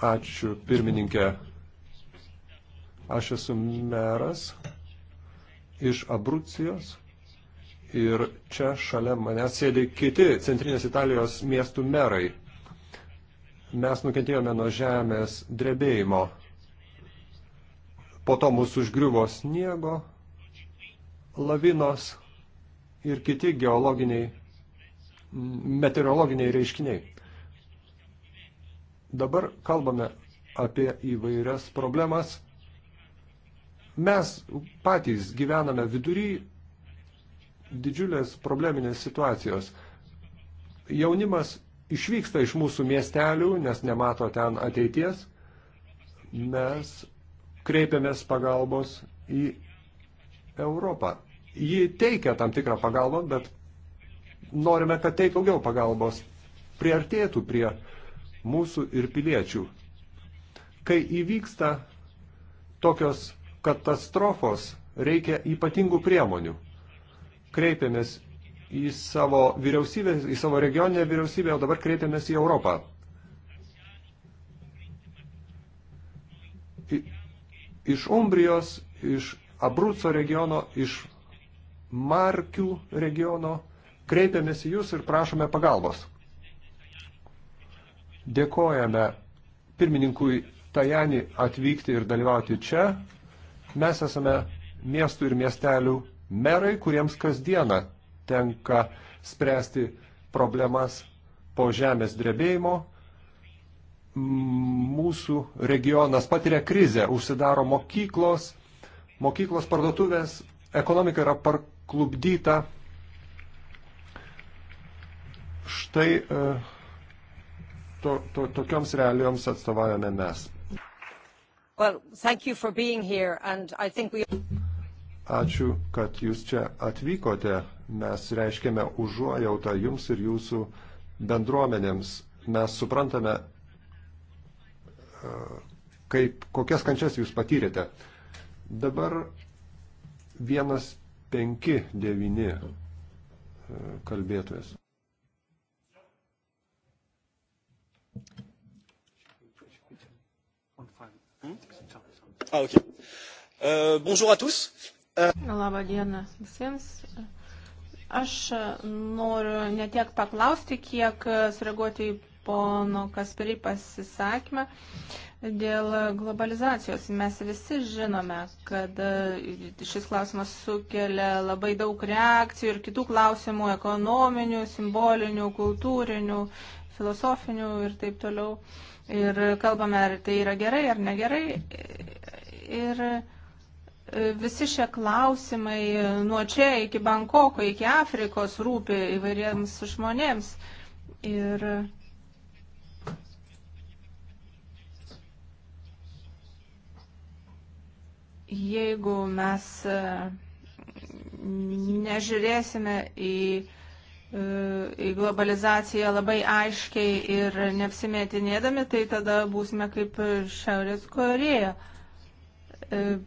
[SPEAKER 3] Ačiū, pirmininkė. Aš esu meras iš Abrucijos ir čia šalia manęs sėdi kiti centrinės Italijos miestų merai. Mes nukentėjome nuo žemės drebėjimo po to mūsų užgriuvo sniego, lavinos ir kiti geologiniai, meteorologiniai reiškiniai. Dabar kalbame apie įvairias problemas. Mes patys gyvename vidury didžiulės probleminės situacijos. Jaunimas išvyksta iš mūsų miestelių, nes nemato ten ateities. Mes kreipiamės pagalbos į Europą. Ji teikia tam tikrą pagalbą, bet norime, kad teiktų daugiau pagalbos, priartėtų prie mūsų ir piliečių. Kai įvyksta tokios katastrofos, reikia ypatingų priemonių. Kreipiamės į savo vyriausybę, į savo regioninę vyriausybę, o dabar kreipiamės į Europą iš Umbrijos, iš Abruco regiono, iš Markių regiono kreipiamės į Jūs ir prašome pagalbos. Dėkojame pirmininkui Tajani atvykti ir dalyvauti čia. Mes esame miestų ir miestelių merai, kuriems kasdieną tenka spręsti problemas po žemės drebėjimo, mūsų regionas patiria krizę, užsidaro mokyklos, mokyklos parduotuvės, ekonomika yra parklubdyta. Štai e, to, to, tokioms realijoms atstovaujame mes.
[SPEAKER 5] Well, we...
[SPEAKER 3] Ačiū, kad jūs čia atvykote. Mes reiškėme užuojautą jums ir jūsų bendruomenėms. Mes suprantame kaip, kokias kančias jūs patyrėte. Dabar 159 e, kalbėtojas.
[SPEAKER 2] Ah, ok. Euh, bonjour à tous. Euh... Labą dieną visiems. Aš e, noriu ne tiek paklausti, kiek e, sureaguoti į pono Kasparį pasisakymą dėl globalizacijos. Mes visi žinome, kad e, šis klausimas sukelia labai daug reakcijų ir kitų klausimų - ekonominių, simbolinių, kultūrinių, filosofinių ir taip toliau. Ir kalbame, ar tai yra gerai ar negerai. Ir e, visi šie klausimai nuo čia iki Bankoko, iki Afrikos rūpi įvairiems žmonėms. Ir jeigu mes e, nežiūrėsime į, e, į globalizaciją labai aiškiai ir neapsimetinėdami, tai tada būsime kaip Šiaurės Koreja. E,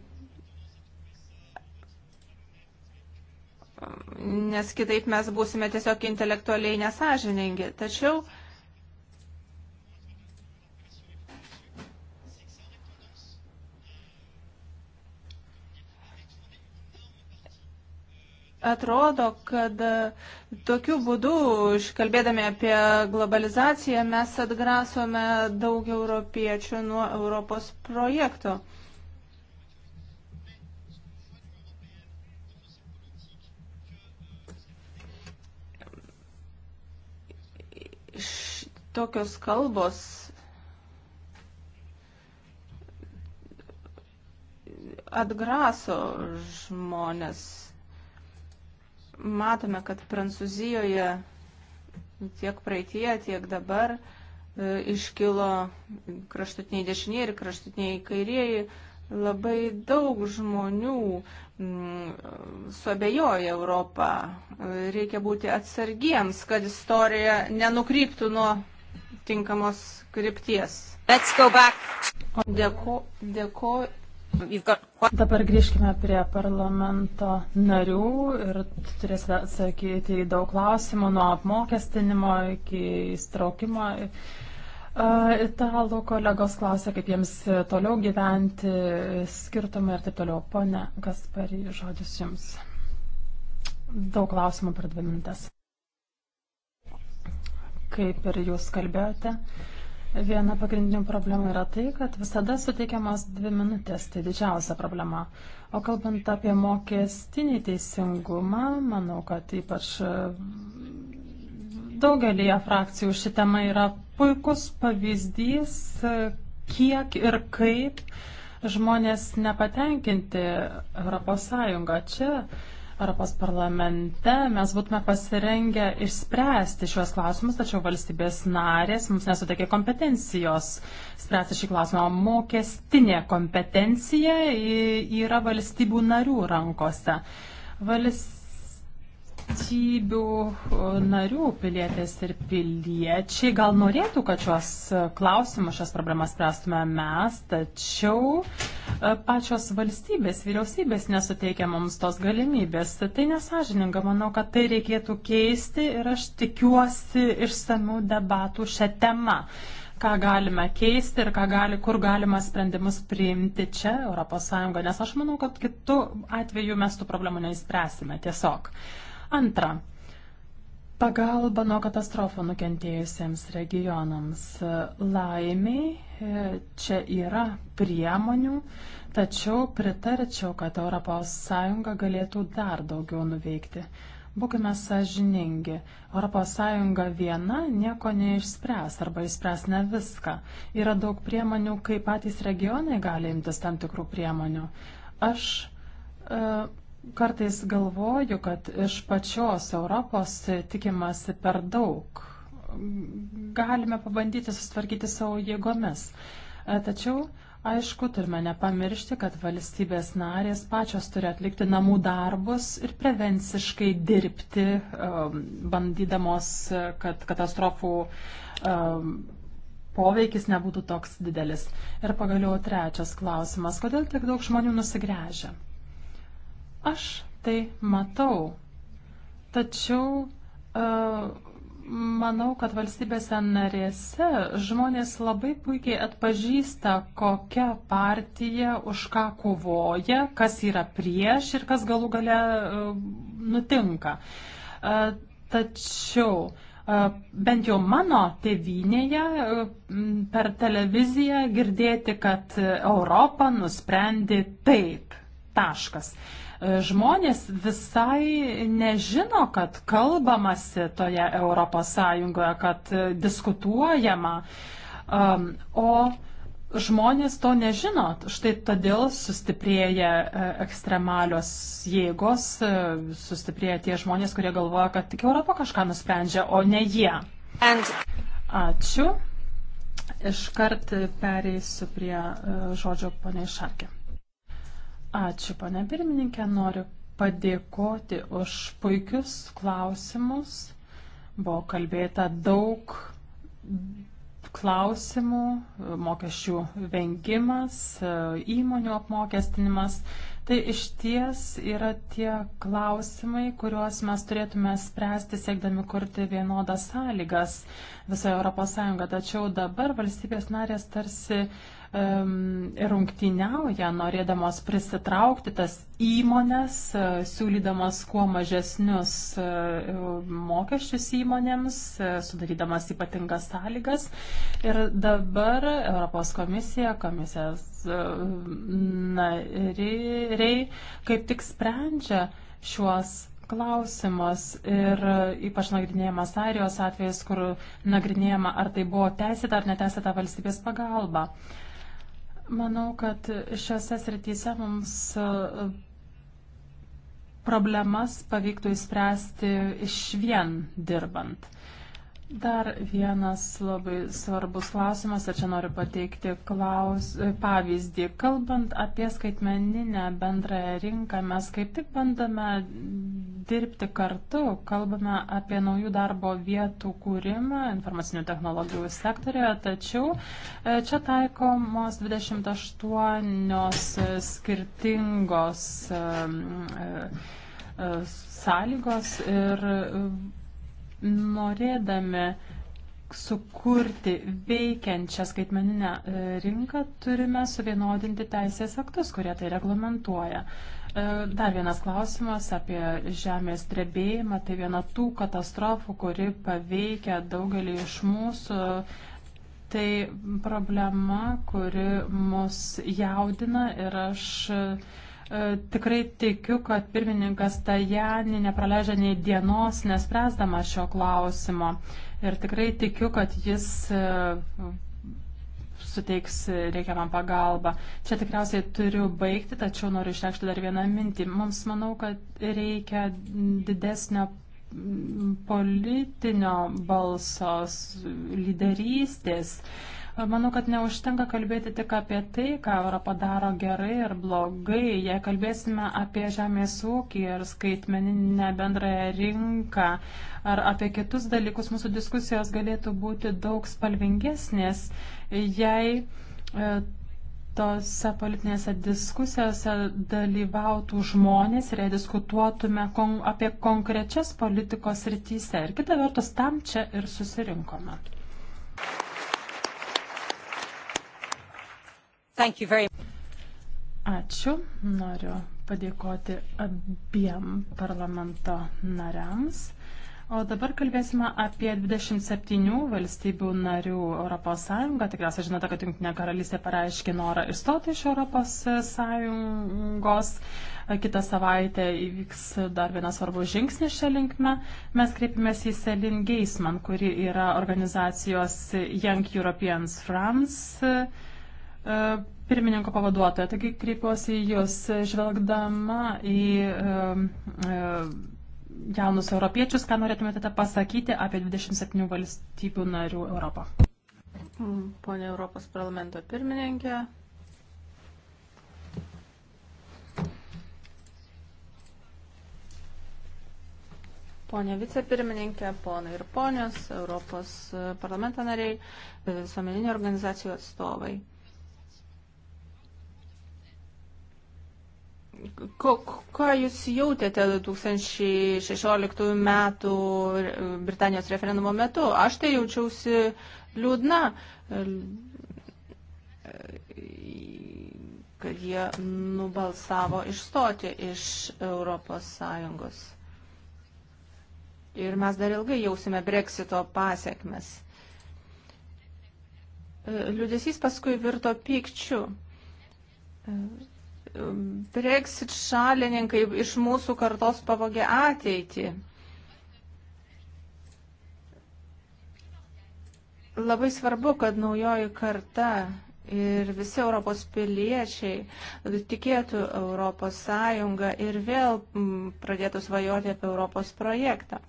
[SPEAKER 2] nes kitaip mes būsime tiesiog intelektualiai nesažiningi. Tačiau uh, atrodo, kad e, tokiu būdu, kalbėdami apie globalizaciją, mes atgrasome daug europiečių nuo Europos projekto. Tokios kalbos atgraso žmonės matome, kad Prancūzijoje tiek praeitie, tiek dabar e, iškilo kraštutiniai dešiniai ir kraštutiniai kairieji. Labai daug žmonių suabejoja Europą. E, reikia būti atsargiems, kad istorija nenukryptų nuo tinkamos krypties. Dėko,
[SPEAKER 4] dėko, Dabar grįžkime prie parlamento narių ir turėsite atsakyti į daug klausimų nuo apmokestinimo iki įstraukimo. Italų kolegos klausė, kaip jiems toliau gyventi, skirtumai ir taip toliau. Pone Gasparį, žodis jums. Daug klausimų per dvi minutės. Kaip ir jūs kalbėjote, Viena pagrindinių problemų yra tai, kad visada suteikiamas dvi minutės, tai didžiausia problema. O kalbant apie mokestinį teisingumą, manau, kad ypač e, daugelį frakcijų ši tema yra puikus pavyzdys, e, kiek ir kaip žmonės nepatenkinti ES. Čia Europos parlamente mes būtume pasirengę išspręsti šios klausimus, tačiau valstybės narės mums nesuteikė kompetencijos spręsti šį klausimą. Mokestinė kompetencija yra valstybių narių rankose. Valis valstybių narių pilietės ir piliečiai gal norėtų, kad šios e, klausimus, šios problemas spręstume mes, tačiau e, pačios valstybės, vyriausybės nesuteikia mums tos galimybės. Tai nesažininga, manau, kad tai reikėtų keisti ir aš tikiuosi išsamių debatų šią temą ką galime keisti ir ką gali, kur galima sprendimus priimti čia ES, nes aš manau, kad kitų atveju mes tų problemų neįspręsime tiesiog. Antra, pagalba nuo katastrofų nukentėjusiems regionams. Laimiai e, čia yra priemonių, tačiau pritarčiau, kad ES galėtų dar daugiau nuveikti. Būkime sąžiningi, ES viena nieko neišspręs arba išspręs ne viską. Yra daug priemonių, kai patys regionai gali imtis tam tikrų priemonių. Aš e, Kartais galvoju, kad iš pačios Europos tikimasi per daug. Galime pabandyti sustvarkyti savo jėgomis. E, tačiau Aišku, turime nepamiršti, kad valstybės narės pačios turi atlikti namų darbus ir prevenciškai dirbti, e, bandydamos, e, kad katastrofų poveikis nebūtų toks didelis. Ir pagaliau trečias klausimas, kodėl tiek daug žmonių nusigręžia? Aš tai matau. Tačiau e, manau, kad valstybėse narėse žmonės labai puikiai atpažįsta, kokia partija už ką kovoja, kas yra prieš ir kas galų gale e, nutinka. E, tačiau bent jau mano tėvynėje per televiziją girdėti, kad Europa nusprendė taip. Taškas. Uh, Žmonės visai nežino, kad kalbamasi toje Europos Sąjungoje, kad diskutuojama, um, o žmonės to nežino. Štai todėl sustiprėja e, ekstremalios jėgos, e, sustiprėja tie žmonės, kurie galvoja, kad tik Europa kažką nusprendžia, o ne jie. And... Ačiū. Iškart pereisiu prie e, žodžio ponia Šarkė. Ačiū, pane pirmininkė, noriu padėkoti už puikius klausimus. Buvo kalbėta daug klausimų, mokesčių vengimas, įmonių apmokestinimas. Tai iš ties yra tie klausimai, kuriuos mes turėtume spręsti siekdami kurti vienodas sąlygas visoje ES. Tačiau dabar valstybės narės tarsi um, rungtyniauja, norėdamos prisitraukti tas įmonės, e, siūlydamas kuo mažesnius e, mokesčius įmonėms, e, sudarydamas ypatingas sąlygas. Ir dabar Europos komisija, komisijos nariai kaip tik sprendžia šiuos klausimas ir ypač nagrinėjamas Airijos atvejais, kur nagrinėjama, ar tai buvo teisėta ar neteisėta valstybės pagalba. Manau, kad šiuose srityse mums e, problemas pavyktų įspręsti iš vien dirbant. Dar vienas labai svarbus klausimas, ir čia noriu pateikti klaus, pavyzdį. Kalbant apie skaitmeninę bendrąją rinką, mes kaip tik bandome dirbti kartu, kalbame apie naujų darbo vietų kūrimą informacinių technologijų sektorioje, tačiau e, čia taikomos 28 skirtingos e, e, sąlygos ir Norėdami sukurti veikiančią skaitmeninę e, rinką, turime suvienodinti teisės aktus, kurie tai reglamentuoja. E, dar vienas klausimas apie žemės drebėjimą. Tai viena tų katastrofų, kuri paveikia daugelį iš mūsų. Tai problema, kuri mus jaudina ir aš uh, E, tikrai tikiu, kad pirmininkas Tajani nepraleidžia nei dienos, nespręsdama šio klausimo. Ir tikrai tikiu, kad jis e, suteiks reikiamą pagalbą. Čia tikriausiai turiu baigti, tačiau noriu išreikšti dar vieną mintį. Mums manau, kad reikia didesnio politinio balsos lyderystės. Uh, Manau, kad neužtenka kalbėti tik apie tai, ką Europa daro gerai ir blogai. Jei kalbėsime apie žemės ūkį ir skaitmeninę bendrąją rinką ar apie kitus dalykus, mūsų diskusijos galėtų būti daug spalvingesnės, jei e, tose politinėse diskusijose dalyvautų žmonės ir jie diskutuotume kon apie konkrečias politikos rytise. Ir kita vertus, tam čia ir susirinkome.
[SPEAKER 5] Ačiū.
[SPEAKER 4] Noriu padėkoti abiem parlamento nariams. O dabar kalbėsime apie 27 valstybių narių Europos Sąjungą. Tikriausiai žinote, kad Junktinė karalystė pareiškė norą išstoti iš Europos Sąjungos. Kitą savaitę įvyks dar vienas svarbus žingsnis šią linkmę. Mes kreipimės į Selin Geisman, kuri yra organizacijos Young Europeans France E, pirmininko pavaduotoja, taigi kreipiuosi į Jūs, žvelgdama į e, e, jaunus europiečius, ką norėtumėte pasakyti apie 27 valstybių narių Europą?
[SPEAKER 2] Mm, Pone Europos parlamento pirmininkė. Pone vicepirmininkė, ponai ir ponios, Europos parlamento nariai, visuomeninių organizacijų atstovai. Ko, ką jūs jautėte 2016 metų Britanijos referendumo metu? Aš tai jaučiausi liūdna, kad jie nubalsavo išstoti iš Europos Sąjungos. Ir mes dar ilgai jausime breksito pasiekmes. Liūdėsys paskui virto pykčiu. Brexit šalininkai iš mūsų kartos pavogė ateitį. Labai svarbu, kad naujoji karta ir visi Europos piliečiai tikėtų Europos Sąjungą ir vėl pradėtų svajoti apie Europos projektą.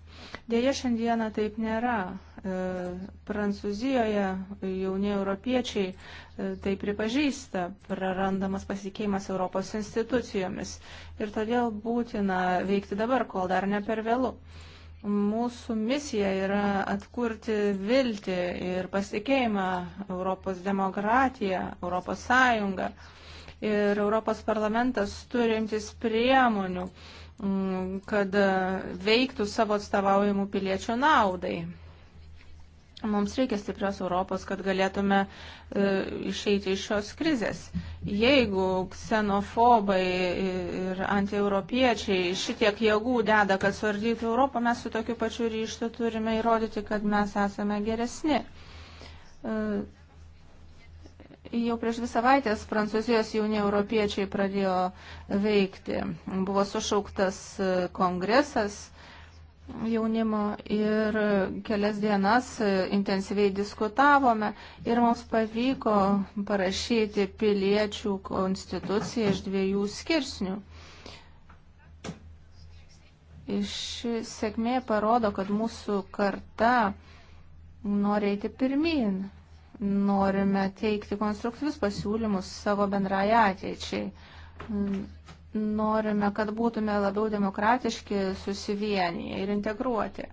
[SPEAKER 2] Dėja, šiandieną taip nėra. E, Prancūzijoje jauni europiečiai e, tai pripažįsta, prarandamas pasikeimas Europos institucijomis. Ir todėl būtina veikti dabar, kol dar ne per vėlų. Mūsų misija yra atkurti viltį ir pasikeimą Europos demokratiją, Europos sąjungą. Ir Europos parlamentas turintis priemonių mm, kad veiktų savo atstovaujamų piliečių naudai. Mums reikia stiprios Europos, kad galėtume e, išeiti iš šios krizės. Jeigu ksenofobai ir antieuropiečiai šitiek jėgų deda, kad suardytų Europą, mes su tokiu pačiu ryštu turime įrodyti, kad mes esame geresni. E, Jau prieš dvi savaitės prancūzijos jauni europiečiai pradėjo veikti. Buvo sušauktas e, kongresas jaunimo ir kelias dienas intensyviai diskutavome ir mums pavyko parašyti piliečių konstituciją iš dviejų skirsnių. Iš sėkmė parodo, kad mūsų karta nori eiti pirmin, norime teikti konstruktyvius pasiūlymus savo bendrai ateičiai norime, kad būtume labiau demokratiški, susivienyje ir integruoti.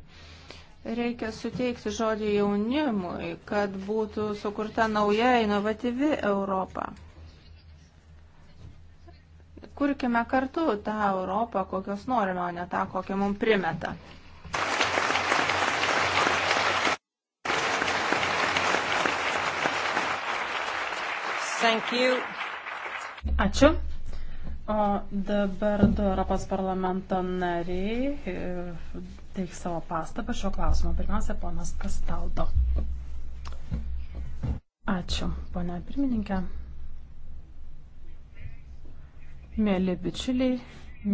[SPEAKER 2] Reikia suteikti žodį jaunimui, kad būtų sukurta nauja, inovatyvi Europa. Kurkime kartu tą Europą, kokios norime, o ne tą, kokią mums primeta.
[SPEAKER 5] Thank you.
[SPEAKER 4] Ačiū. O dabar du Europos parlamento nariai e, teiks savo pastabą šio klausimo. Pirmiausia, ponas Kastaldo. Ačiū, ponia pirmininkė. Mėly bičiuliai,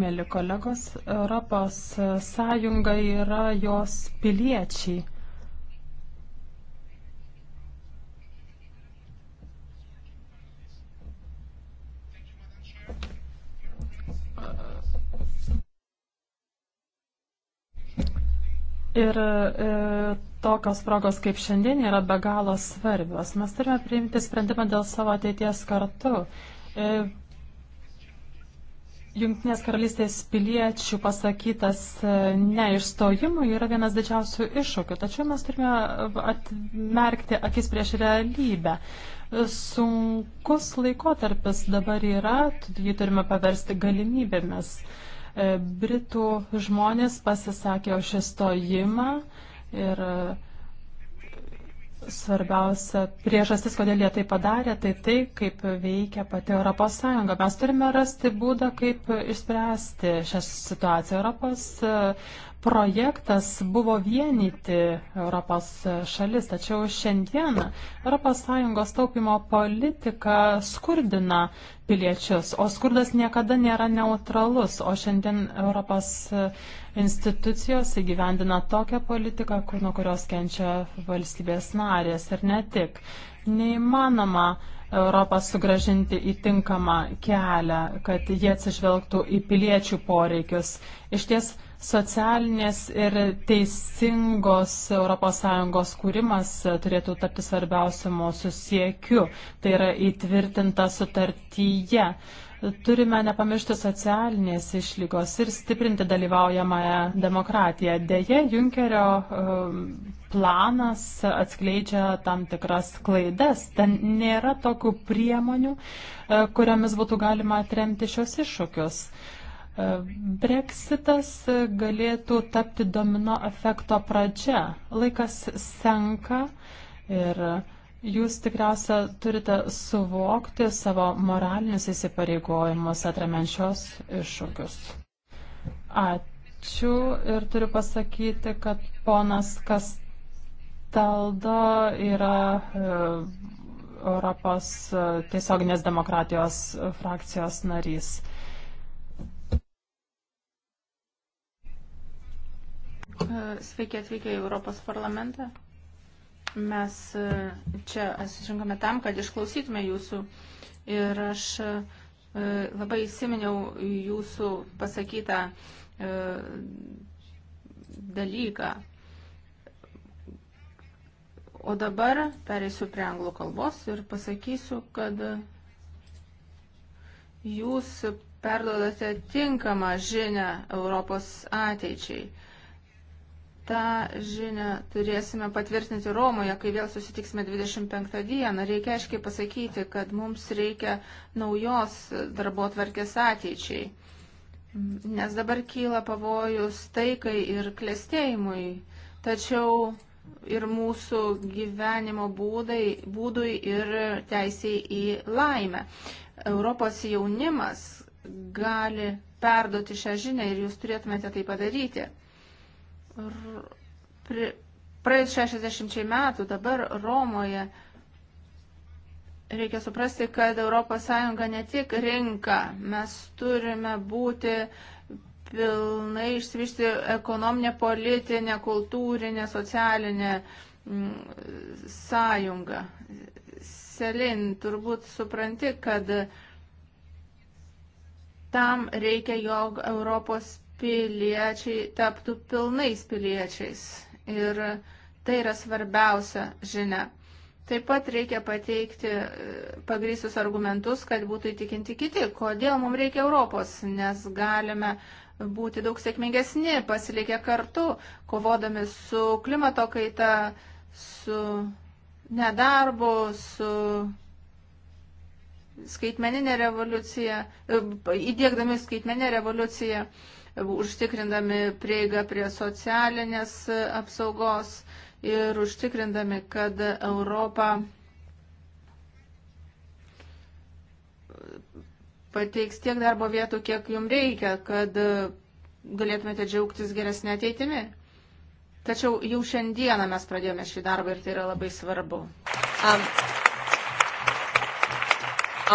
[SPEAKER 4] mėly kolegos, Europos Sąjunga yra jos piliečiai. Ir e, tokios progos kaip šiandien yra be galo svarbios. Mes turime priimti sprendimą dėl savo ateities kartu. E, Junktinės karalystės piliečių pasakytas e, ne išstojimui yra vienas didžiausių iššūkių, tačiau mes turime atmerkti akis prieš realybę. Sunkus laikotarpis dabar yra, jį turime paversti galimybėmis. E, E, Britų žmonės pasisakė už įstojimą ir e, svarbiausia priežastis, kodėl jie tai padarė, tai tai, kaip veikia pati Europos Sąjunga. Mes turime rasti būdą, kaip išspręsti šią situaciją. Europos e, projektas buvo vienyti Europos šalis, tačiau šiandien ES taupimo politika skurdina piliečius, o skurdas niekada nėra neutralus, o šiandien Europos institucijos įgyvendina tokią politiką, kur, nuo kurios kenčia valstybės narės ir ne tik. Neįmanoma Europą sugražinti į tinkamą kelią, kad jie atsižvelgtų į piliečių poreikius. Iš ties Socialinės ir teisingos ES kūrimas turėtų tapti svarbiausiu mūsų siekiu. Tai yra įtvirtinta sutartyje. Turime nepamiršti socialinės išlygos ir stiprinti dalyvaujamąją demokratiją. Deja, Junkerio um, planas atskleidžia tam tikras klaidas. Ten nėra tokių priemonių, uh, kuriamis būtų galima atremti šios iššūkius. Brexitas galėtų tapti domino efekto pradžia. Laikas senka ir Jūs tikriausia turite suvokti savo moralinius įsipareigojimus atremenčios iššūkius. Ačiū ir turiu pasakyti, kad ponas Kastaldo yra e, Europos tiesioginės demokratijos frakcijos narys.
[SPEAKER 2] E, sveiki atvykę į Europos parlamentą. Mes e, čia susirinkome tam, kad išklausytume jūsų. Ir aš e, labai įsiminiau jūsų pasakytą dalyką. O dabar pereisiu prie anglų kalbos ir pasakysiu, kad jūs perdodate tinkamą žinę Europos ateičiai. Ta žinia turėsime patvirtinti Romoje, kai vėl susitiksime 25 dieną. Reikia aiškiai pasakyti, kad mums reikia naujos darbo tvarkės ateičiai. Nes dabar kyla pavojus taikai ir klėstėjimui. Tačiau ir mūsų gyvenimo būdai, būdui ir teisiai į laimę. Europos jaunimas gali perduoti šią žinią ir jūs turėtumėte tai padaryti praėjus 60 metų dabar Romoje reikia suprasti, kad ES ne tik rinka, mes turime būti pilnai išsivyšti ekonominę, politinę, kultūrinę, socialinę mm, sąjungą. Selin, turbūt supranti, kad tam reikia, jog Europos piliečiai taptų pilnais piliečiais. Ir tai yra svarbiausia žinia. Taip pat reikia pateikti e, pagrysius argumentus, kad būtų įtikinti kiti, kodėl mums reikia Europos, nes galime būti daug sėkmingesni, pasilikę kartu, kovodami su klimato kaita, su nedarbu, su skaitmeninė revoliucija, e, įdėkdami skaitmeninę revoliuciją užtikrindami prieigą prie socialinės apsaugos ir užtikrindami, kad Europa pateiks tiek darbo vietų, kiek jums reikia, kad galėtumėte džiaugtis geresnė ateitimi. Tačiau jau šiandieną mes pradėjome šį darbą ir tai yra labai
[SPEAKER 5] svarbu. Um,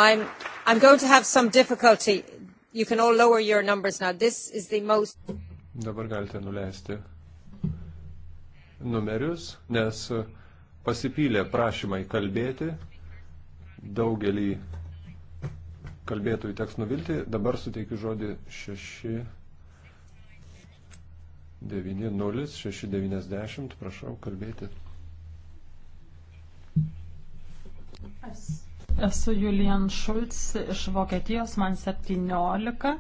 [SPEAKER 5] I'm, I'm going to have some difficulty You can all lower your numbers now. This is the most.
[SPEAKER 3] Dabar galite nuleisti numerius, nes pasipylė prašymai kalbėti. Daugelį kalbėtojų teks nuvilti. Dabar suteikiu žodį 690, 690. Prašau kalbėti.
[SPEAKER 4] Aš Esu Julian Schulz iš Vokietijos, man 17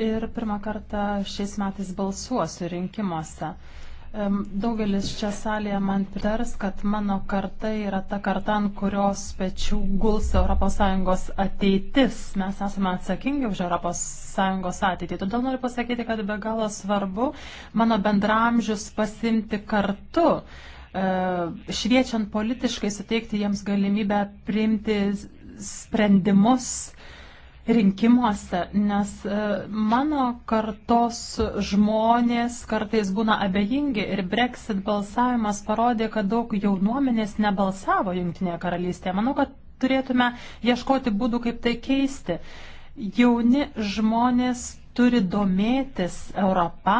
[SPEAKER 4] ir pirmą kartą šiais metais balsuosiu rinkimuose. Daugelis čia salėje man pritars, kad mano karta yra ta karta, ant kurios pečių guls ES ateitis. Mes esame atsakingi už ES ateitį. Todėl noriu pasakyti, kad be galo svarbu mano bendramžius pasimti kartu. E, šviečiant politiškai suteikti jiems galimybę priimti sprendimus rinkimuose, nes e, mano kartos žmonės kartais būna abejingi ir Brexit balsavimas parodė, kad daug jaunuomenės nebalsavo Junktinėje karalystėje. Manau, kad turėtume ieškoti būdų, kaip tai keisti. Jauni žmonės turi domėtis Europą,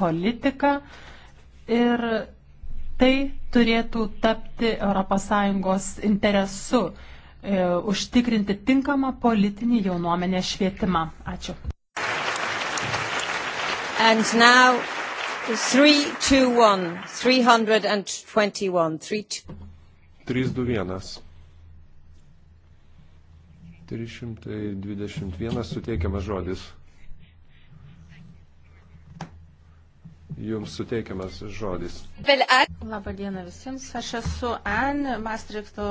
[SPEAKER 4] politiką ir Tai turėtų tapti ES interesu e, užtikrinti tinkamą politinį jaunuomenę
[SPEAKER 5] švietimą. Ačiū. And now 321, 321,
[SPEAKER 3] 321. 321 suteikiamas žodis. jums suteikiamas žodis.
[SPEAKER 2] Labą dieną visiems. Aš esu An, Maastrichto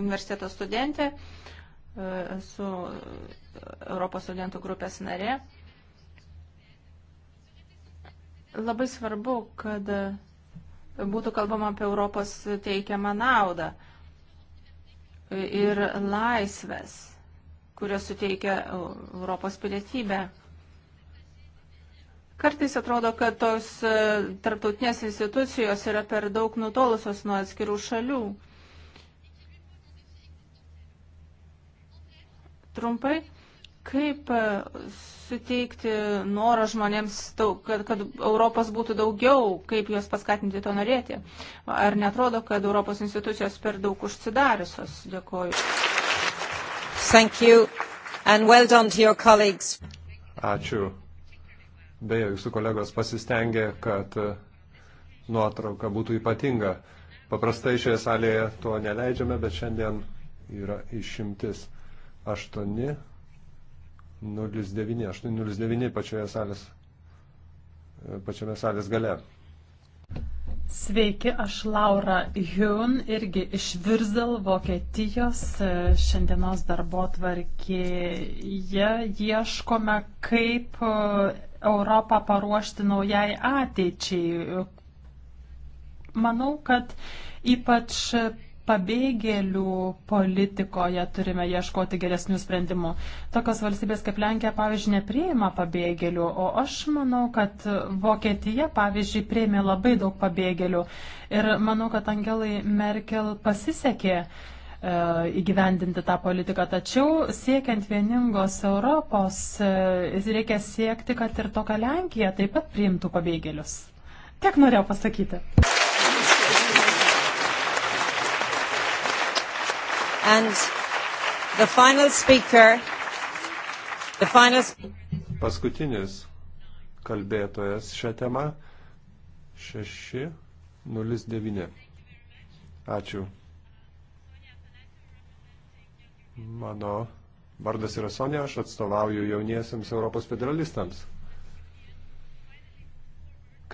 [SPEAKER 2] universiteto studentė, e, esu Europos studentų grupės narė. Labai svarbu, kad būtų kalbama apie Europos teikiamą naudą ir laisvės, kurios suteikia Europos pilietybę Kartais atrodo, kad tos e, tarptautinės institucijos yra per daug nutolusios nuo atskirų šalių. Trumpai, kaip e, suteikti norą žmonėms, kad, kad Europos būtų daugiau, kaip juos paskatinti to norėti? Ar netrodo, kad
[SPEAKER 5] Europos institucijos per daug užsidariusios? Dėkoju. Thank you and well done to your colleagues.
[SPEAKER 3] Ačiū Beje, jūsų kolegos pasistengė, kad e, nuotrauka būtų ypatinga. Paprastai šioje salėje to neleidžiame, bet šiandien yra išimtis 809, 809 pačioje salės, e, pačiame salės gale.
[SPEAKER 4] Sveiki, aš Laura Hjun, irgi iš Virzel, Vokietijos. E, šiandienos darbo tvarkėje ieškome, kaip e, Europą paruošti naujai ateičiai. Manau, kad ypač pabėgėlių politikoje turime ieškoti geresnių sprendimų. Tokios valstybės kaip Lenkija, pavyzdžiui, nepriima pabėgėlių, o aš manau, kad Vokietija, pavyzdžiui, priėmė labai daug pabėgėlių. Ir manau, kad Angelai Merkel pasisekė e, įgyvendinti tą politiką. Tačiau siekiant vieningos Europos, e, reikia siekti, kad ir tokia Lenkija taip pat priimtų pabėgėlius. Tiek norėjau pasakyti.
[SPEAKER 5] And the final speaker,
[SPEAKER 3] the final... Paskutinis kalbėtojas šią temą 609. Ačiū. Mano vardas yra Sonė, aš atstovauju jauniesiams Europos federalistams.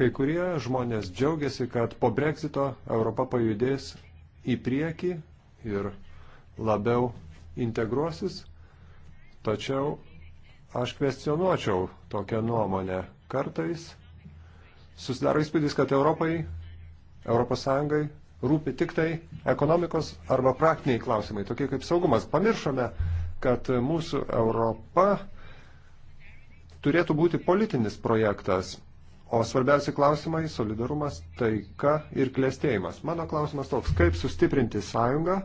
[SPEAKER 3] Kai kurie žmonės džiaugiasi, kad po Brexito Europa pajudės į priekį ir labiau integruosis, tačiau aš kvestionuočiau tokią nuomonę. Kartais susidaro įspūdis, kad Europai, Europos Sąjungai rūpi tik tai ekonomikos arba praktiniai klausimai, tokie kaip saugumas. Pamiršome, kad mūsų Europa turėtų būti politinis projektas, o svarbiausi klausimai - solidarumas, taika ir klėstėjimas. Mano klausimas toks, kaip sustiprinti sąjungą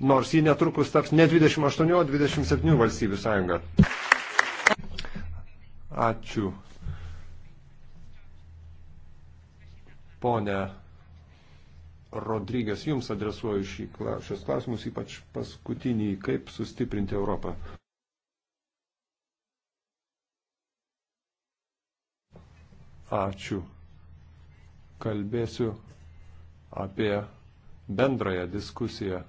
[SPEAKER 3] nors ji netrukus taps ne 28, o 27 valstybių sąjunga. Ačiū. Pone Rodrygės, jums adresuoju šį, šios klausimus, ypač paskutinį, kaip sustiprinti Europą. Ačiū. Kalbėsiu apie bendrąją diskusiją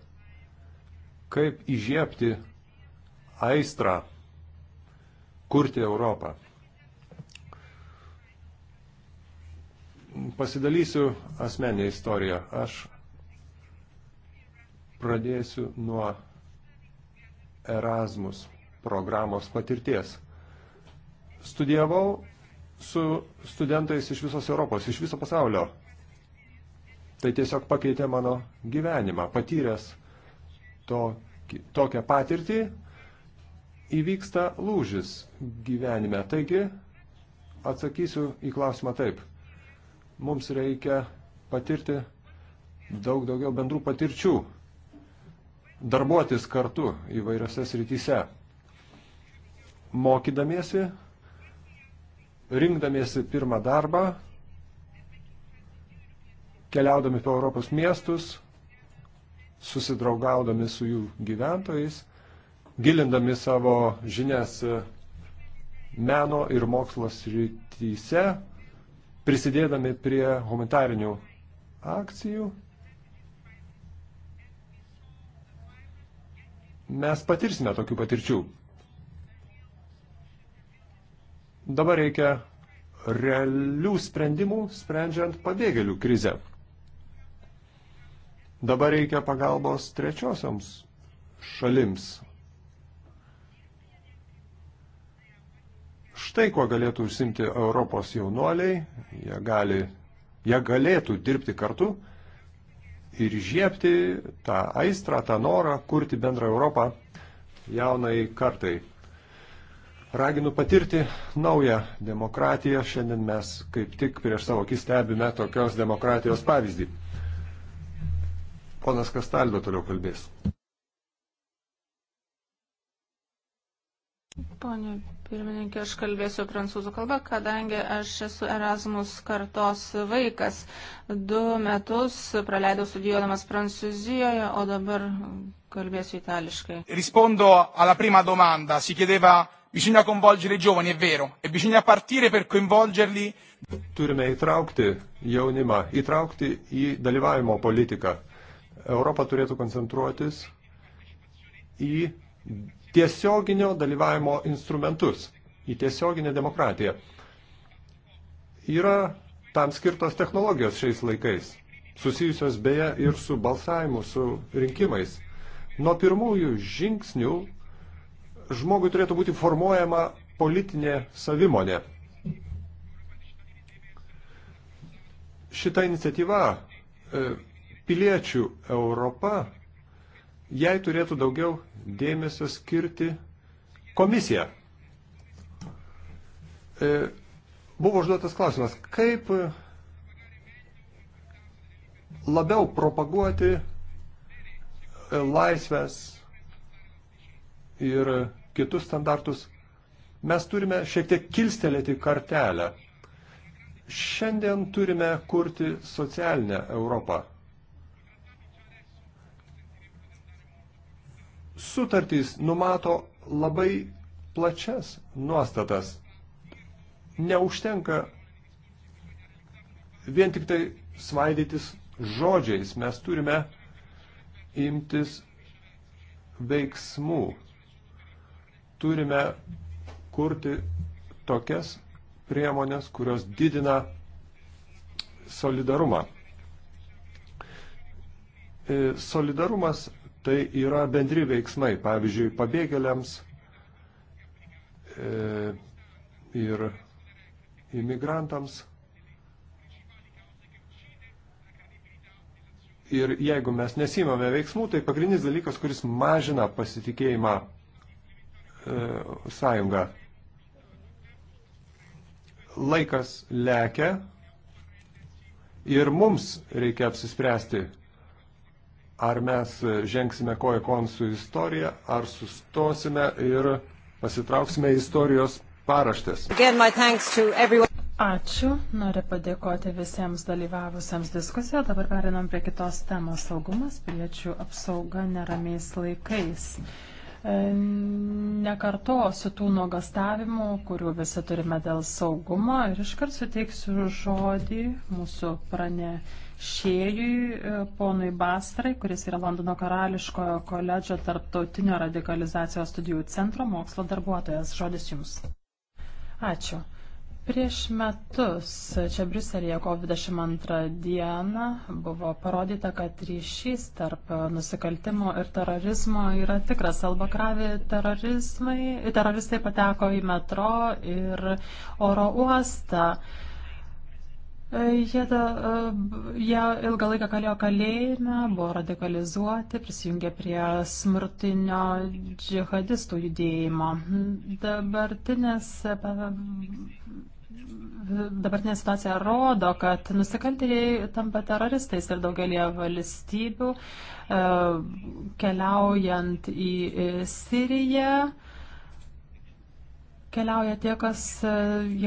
[SPEAKER 3] kaip įžiepti aistrą kurti Europą. Pasidalysiu asmenę istoriją. Aš pradėsiu nuo Erasmus programos patirties. Studijavau su studentais iš visos Europos, iš viso pasaulio. Tai tiesiog pakeitė mano gyvenimą, patyręs to tokią patirtį, įvyksta lūžis gyvenime. Taigi, atsakysiu į klausimą taip. Mums reikia patirti daug daugiau bendrų patirčių, darbuotis kartu įvairiose srityse, mokydamiesi, rinkdamiesi pirmą darbą, keliaudami po Europos miestus, susidraugaudami su jų gyventojais, gilindami savo žinias meno ir mokslo srityse, prisidėdami prie humanitarinių akcijų. Mes patirsime tokių patirčių. Dabar reikia realių sprendimų, sprendžiant pabėgėlių krizę. Dabar reikia pagalbos trečiosioms šalims. Štai kuo galėtų užsimti Europos jaunuoliai, jie, gali, jie galėtų dirbti kartu ir žiepti tą aistrą, tą norą kurti bendrą Europą jaunai kartai. Raginu patirti naują demokratiją. Šiandien mes kaip tik prieš savo akis stebime tokios demokratijos pavyzdį. Ponas Kastaldo toliau kalbės.
[SPEAKER 2] Pone pirmininkė, aš kalbėsiu prancūzų kalbą, kadangi aš esu Erasmus kartos vaikas. Du metus praleidau studijuodamas Prancūzijoje, o dabar kalbėsiu itališkai.
[SPEAKER 1] Rispondo alla prima domanda, si chiedeva bisogna coinvolgere i giovani, è vero,
[SPEAKER 3] e bisogna partire per coinvolgerli. Turime įtraukti jaunimą, įtraukti į dalyvavimo politiką. Europa turėtų koncentruotis į tiesioginio dalyvavimo instrumentus, į tiesioginę demokratiją. Yra tam skirtos technologijos šiais laikais, susijusios beje ir su balsavimu, su rinkimais. Nuo pirmųjų žingsnių žmogui turėtų būti formuojama politinė savimonė. Šita iniciatyva e, piliečių Europa, jai turėtų daugiau dėmesio skirti komisija. E, buvo užduotas klausimas, kaip labiau propaguoti e, laisvės ir kitus standartus, mes turime šiek tiek kilstelėti kartelę. Šiandien turime kurti socialinę Europą. Sutartys numato labai plačias nuostatas. Neužtenka vien tik tai svaidytis žodžiais. Mes turime imtis veiksmų. Turime kurti tokias priemonės, kurios didina solidarumą. E, solidarumas tai yra bendri veiksmai, pavyzdžiui, pabėgėliams e, ir imigrantams. Ir jeigu mes nesimame veiksmų, tai pagrindinis dalykas, kuris mažina pasitikėjimą e, sąjungą. Laikas lekia ir mums reikia apsispręsti, ar mes žengsime koja kon su istorija, ar sustosime ir pasitrauksime istorijos paraštės.
[SPEAKER 4] Ačiū. Noriu padėkoti visiems dalyvavusiems diskusijoje. Dabar perinam prie kitos temos - saugumas, piliečių apsauga neramiais laikais. E, nekartosiu tų nuogastavimų, kurių visi turime dėl saugumo ir iškart suteiksiu žodį mūsų pranešimui pranešėjui, e, ponui Bastrai, kuris yra Londono karališkojo koledžio tarptautinio radikalizacijos studijų centro mokslo darbuotojas. Žodis jums. Ačiū. Prieš metus čia Briuselėje kovo 22 dieną buvo parodyta, kad ryšys tarp nusikaltimo ir terorizmo yra tikras. Albakravi teroristai pateko į metro ir oro uostą. Jie, da, e, jie ilgą laiką kalėjo kalėjime, buvo radikalizuoti, prisijungė prie smurtinio džihadistų judėjimo. Dabartinės, e, dabartinė situacija rodo, kad nusikaltėliai tampa teroristais ir daugelie valstybių e, keliaujant į Siriją keliauja tie, kas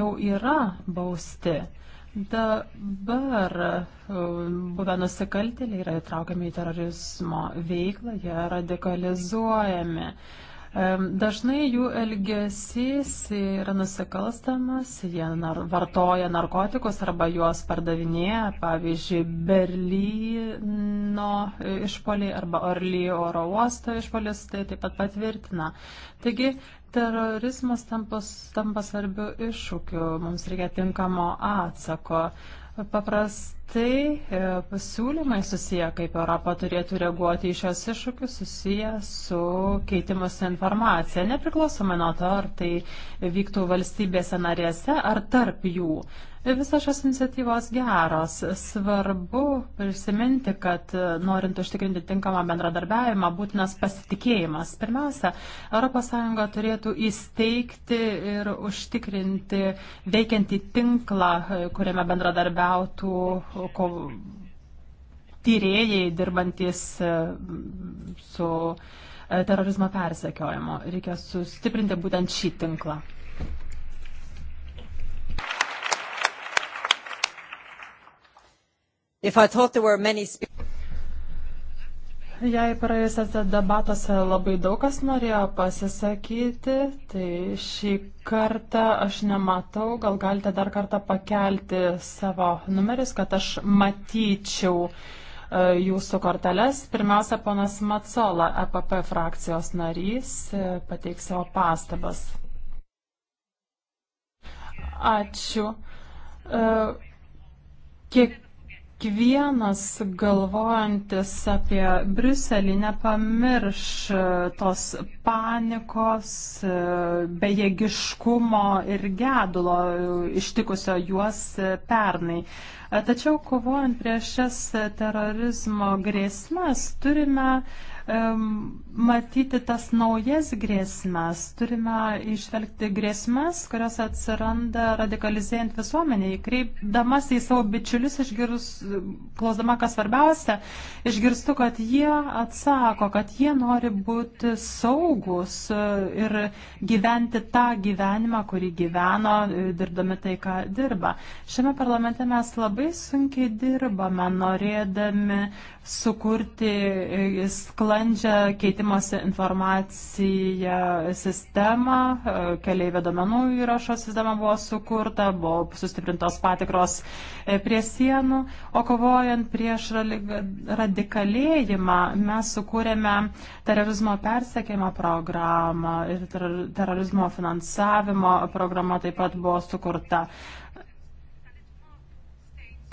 [SPEAKER 4] jau yra bausti. Dabar e, buvę nusikaltėliai yra įtraukiami į terorizmo veiklą, jie radikalizuojami. E, dažnai jų elgesys yra nusikalstamas, jie nar vartoja narkotikus arba juos pardavinėja, pavyzdžiui, Berlyno išpoliai arba Orly oro uosto išpolis tai taip pat patvirtina. Taigi Terorizmas tampa, tampa svarbiu iššūkiu, mums reikia tinkamo atsako. Paprastai e, pasiūlymai susiję, kaip Europa turėtų reaguoti į šios iššūkius, susiję su keitimus informacija, nepriklausomai nuo to, ar tai vyktų valstybėse narėse ar tarp jų. Visos šios iniciatyvos geros. Svarbu prisiminti, kad e, norint užtikrinti tinkamą bendradarbiavimą, būtinas pasitikėjimas. Pirmiausia, ES turėtų įsteigti ir užtikrinti veikiantį tinklą, e, kuriame bendradarbiautų e, tyrėjai dirbantis su terorizmo persekiojimu. Reikia sustiprinti būtent šį tinklą.
[SPEAKER 5] Many...
[SPEAKER 4] Jei praėjusiuose debatuose labai daug kas norėjo pasisakyti, tai šį kartą aš nematau, gal galite dar kartą pakelti savo numerius, kad aš matyčiau e, jūsų korteles. Pirmiausia, ponas Matsola, EPP frakcijos narys, e, pateiks savo pastabas. Ačiū. E, kiek kiekvienas galvojantis apie Briuselį nepamirš e, tos panikos, e, bejėgiškumo ir gedulo e, ištikusio juos pernai. Tačiau kovojant prieš šias terorizmo grėsmes turime uh, matyti tas naujas grėsmes, turime išvelgti grėsmes, kurios atsiranda radikalizėjant visuomeniai. Kreipdamas į savo bičiulius, išgirs, klausdama, kas svarbiausia, išgirstu, kad jie atsako, kad jie nori būti saugus e, ir gyventi tą gyvenimą, kurį gyveno, e, dirbdami tai, ką dirba. Šiame parlamente mes labai sunkiai dirbame, norėdami sukurti e, sklaidą sklandžią keitimosi informaciją sistemą, e, keliaivio domenų įrašo sistema buvo sukurta, buvo sustiprintos patikros e, prie sienų, o kovojant prieš radikalėjimą mes sukūrėme terorizmo persekėjimo programą ir terorizmo finansavimo programa taip pat buvo sukurta.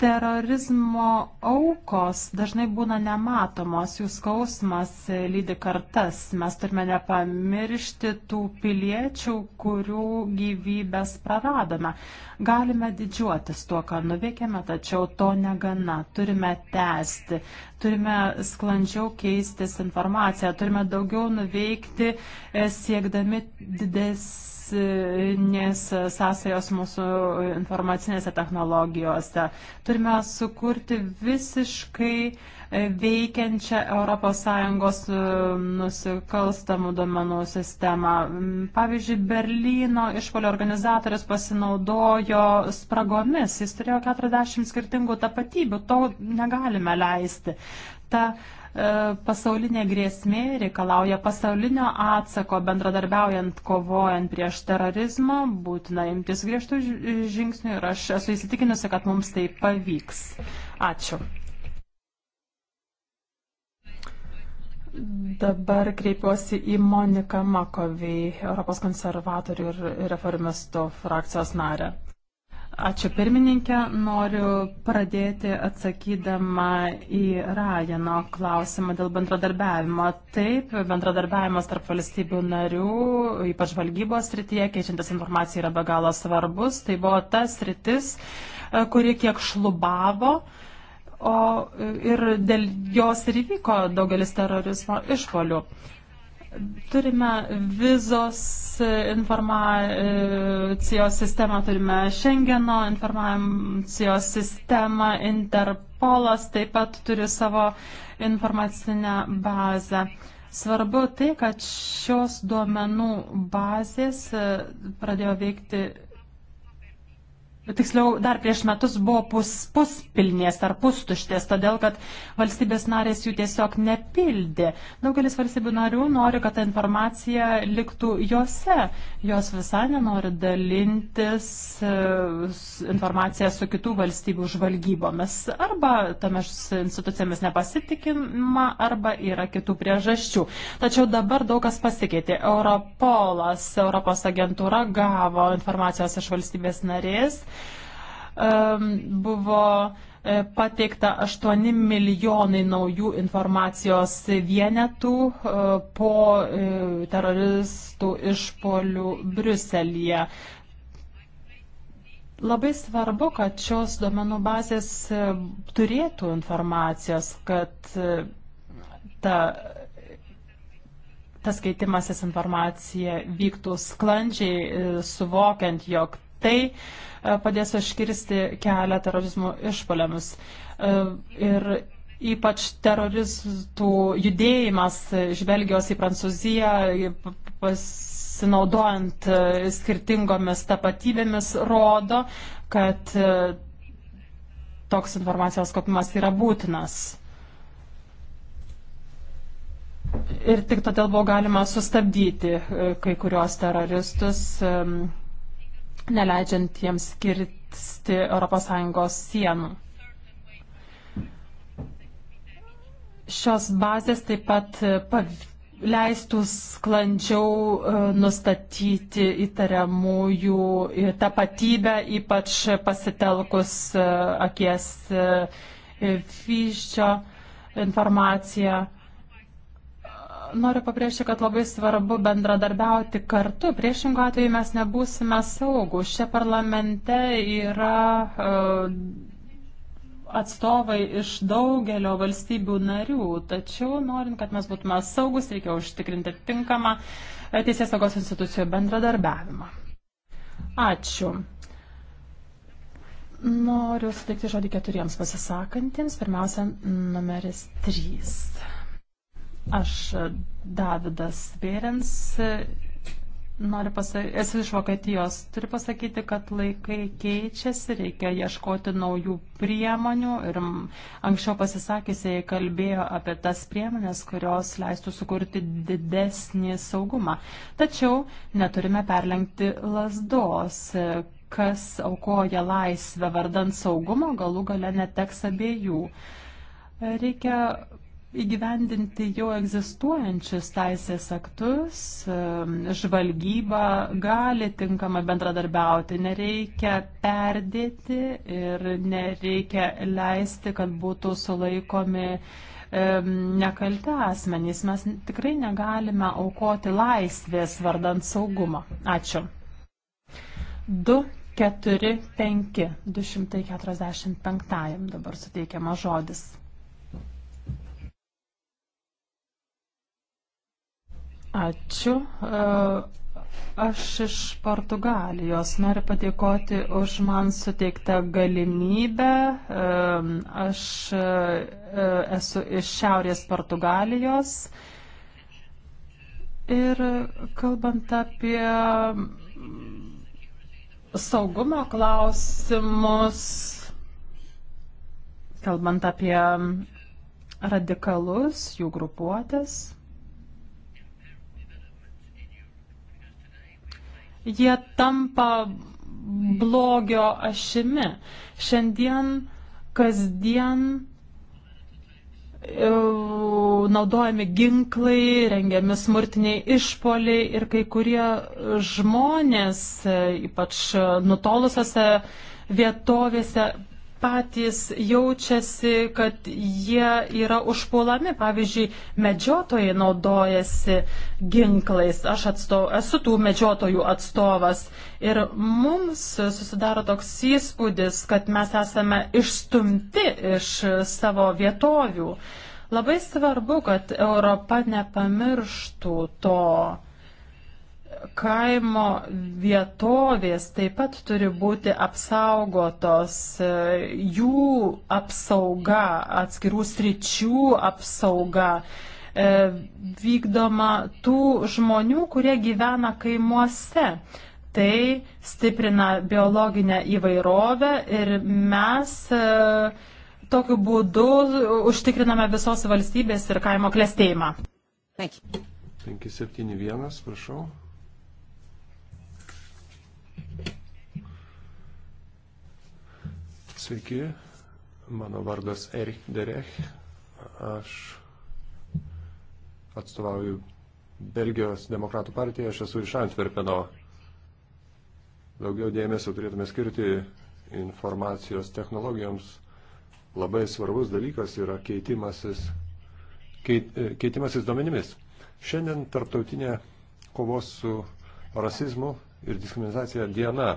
[SPEAKER 4] Terorizmo aukos dažnai būna nematomos, jų skausmas lydi kartas. Mes turime nepamiršti tų piliečių, kurių gyvybės praradome. Galime didžiuotis tuo, ką nuveikėme, tačiau to negana. Turime tęsti, turime sklandžiau keistis informaciją, turime daugiau nuveikti e, siekdami didesnį nes sąsajos mūsų informacinėse technologijose. Turime sukurti visiškai veikiančią ES um, nusikalstamų duomenų sistemą. Pavyzdžiui, Berlyno išpolio organizatorius pasinaudojo spragomis. Jis turėjo 40 skirtingų tapatybių. To negalime leisti. Ta E, pasaulinė grėsmė reikalauja pasaulinio atsako bendradarbiaujant kovojant prieš terorizmą, būtina imtis griežtų žingsnių ir aš esu įsitikinusi, kad mums tai pavyks. Ačiū. Dabar kreipiuosi į Moniką Makovį, Europos konservatorių ir reformistų frakcijos narę. Ačiū pirmininkė. Noriu pradėti atsakydama į Rajano klausimą dėl bendradarbiavimo. Taip, bendradarbiavimas tarp valstybių narių, ypač valgybos srityje, keičiantis informacija yra be galo svarbus. Tai buvo ta sritis, kuri kiek šlubavo. O ir dėl jos ir įvyko daugelis terorizmo išpolių. Uh, Turime vizos informacijos sistemą, turime Schengeno informacijos sistemą, Interpolas taip pat turi savo informacinę bazę. Svarbu tai, kad šios duomenų bazės e, pradėjo veikti tiksliau dar prieš metus buvo pus, puspilnės ar pustuštės, todėl kad valstybės narės jų tiesiog nepildė. Daugelis valstybių narių nori, kad ta informacija liktų jose. Jos visai nenori dalintis e, informaciją su kitų valstybių žvalgybomis. Arba tomis institucijomis nepasitikima, arba yra kitų priežasčių. Tačiau dabar daug kas pasikeitė. Europolas, Europos agentūra gavo informacijos iš valstybės narės buvo e, pateikta 8 milijonai naujų informacijos vienetų e, po e, teroristų išpolių Briuselyje. Labai svarbu, kad šios domenų bazės turėtų informacijos, kad ta, tas keitimasis informacija vyktų sklandžiai, suvokiant, jog tai e, padės iškirsti kelią terorizmo išpoliams. E, ir ypač teroristų judėjimas iš Belgijos į Prancūziją pasinaudojant e, skirtingomis tapatybėmis rodo, kad toks informacijos kopimas yra būtinas. Ir tik todėl buvo galima sustabdyti kai kurios teroristus neleidžiant jiems kirsti ES sienų. Šios bazės taip pat e, leistų sklandžiau e, nustatyti įtariamųjų tapatybę, ypač pasitelkus e, akies vyščio informaciją noriu pabrėžti, kad labai svarbu bendradarbiauti kartu. Priešingų atveju mes nebūsime saugus. Šia parlamente yra e, atstovai iš daugelio valstybių narių, tačiau norint, kad mes būtume saugus, reikia užtikrinti tinkamą e, teisės saugos institucijų bendradarbiavimą. Ačiū. Noriu suteikti žodį keturiems pasisakantiems. Pirmiausia, numeris trys. Aš e, Davidas Vėrens, e, noriu pasakyti, esu iš Vokietijos, turiu pasakyti, kad laikai keičiasi, reikia ieškoti naujų priemonių ir anksčiau pasisakysiai kalbėjo apie tas priemonės, kurios leistų sukurti didesnį saugumą. Tačiau neturime perlenkti lasdos e, kas aukoja laisvę vardant saugumo, galų gale neteks abiejų. Reikia įgyvendinti jau egzistuojančius teisės aktus, žvalgyba gali tinkamai bendradarbiauti, nereikia perdėti ir nereikia leisti, kad būtų sulaikomi nekalti asmenys. Mes tikrai negalime aukoti laisvės vardant saugumą. Ačiū. 2, 4, 5, 245 dabar suteikiama žodis. Ačiū. E, aš iš Portugalijos noriu padėkoti už man suteiktą galimybę. E, aš e, esu iš Šiaurės Portugalijos. Ir kalbant apie saugumo klausimus, kalbant apie radikalus, jų grupuotės. jie tampa blogio ašimi. Šiandien kasdien e, naudojami ginklai, rengiami smurtiniai išpoliai ir kai kurie žmonės, e, ypač nutolusiose vietovėse, patys jaučiasi, kad jie yra užpuolami. Pavyzdžiui, medžiotojai naudojasi ginklais. Aš atstov, esu tų medžiotojų atstovas. Ir mums susidaro toks įspūdis, kad mes esame išstumti iš savo vietovių. Labai svarbu, kad Europa nepamirštų to kaimo vietovės taip pat turi būti apsaugotos, e, jų apsauga, atskirų sričių apsauga e, vykdoma tų žmonių, kurie gyvena kaimuose. Tai stiprina biologinę įvairovę ir mes e, tokiu būdu užtikriname visos valstybės ir kaimo klėstėjimą.
[SPEAKER 3] 571, prašau. Sveiki, mano vardas Erich Derech. Aš atstovauju Belgijos demokratų partiją, aš esu iš Antverpeno. Daugiau dėmesio turėtume skirti informacijos technologijoms. Labai svarbus dalykas yra keitimasis, keit, e, keitimasis duomenimis. Šiandien tarptautinė kovos su rasizmu ir diskriminacija diena.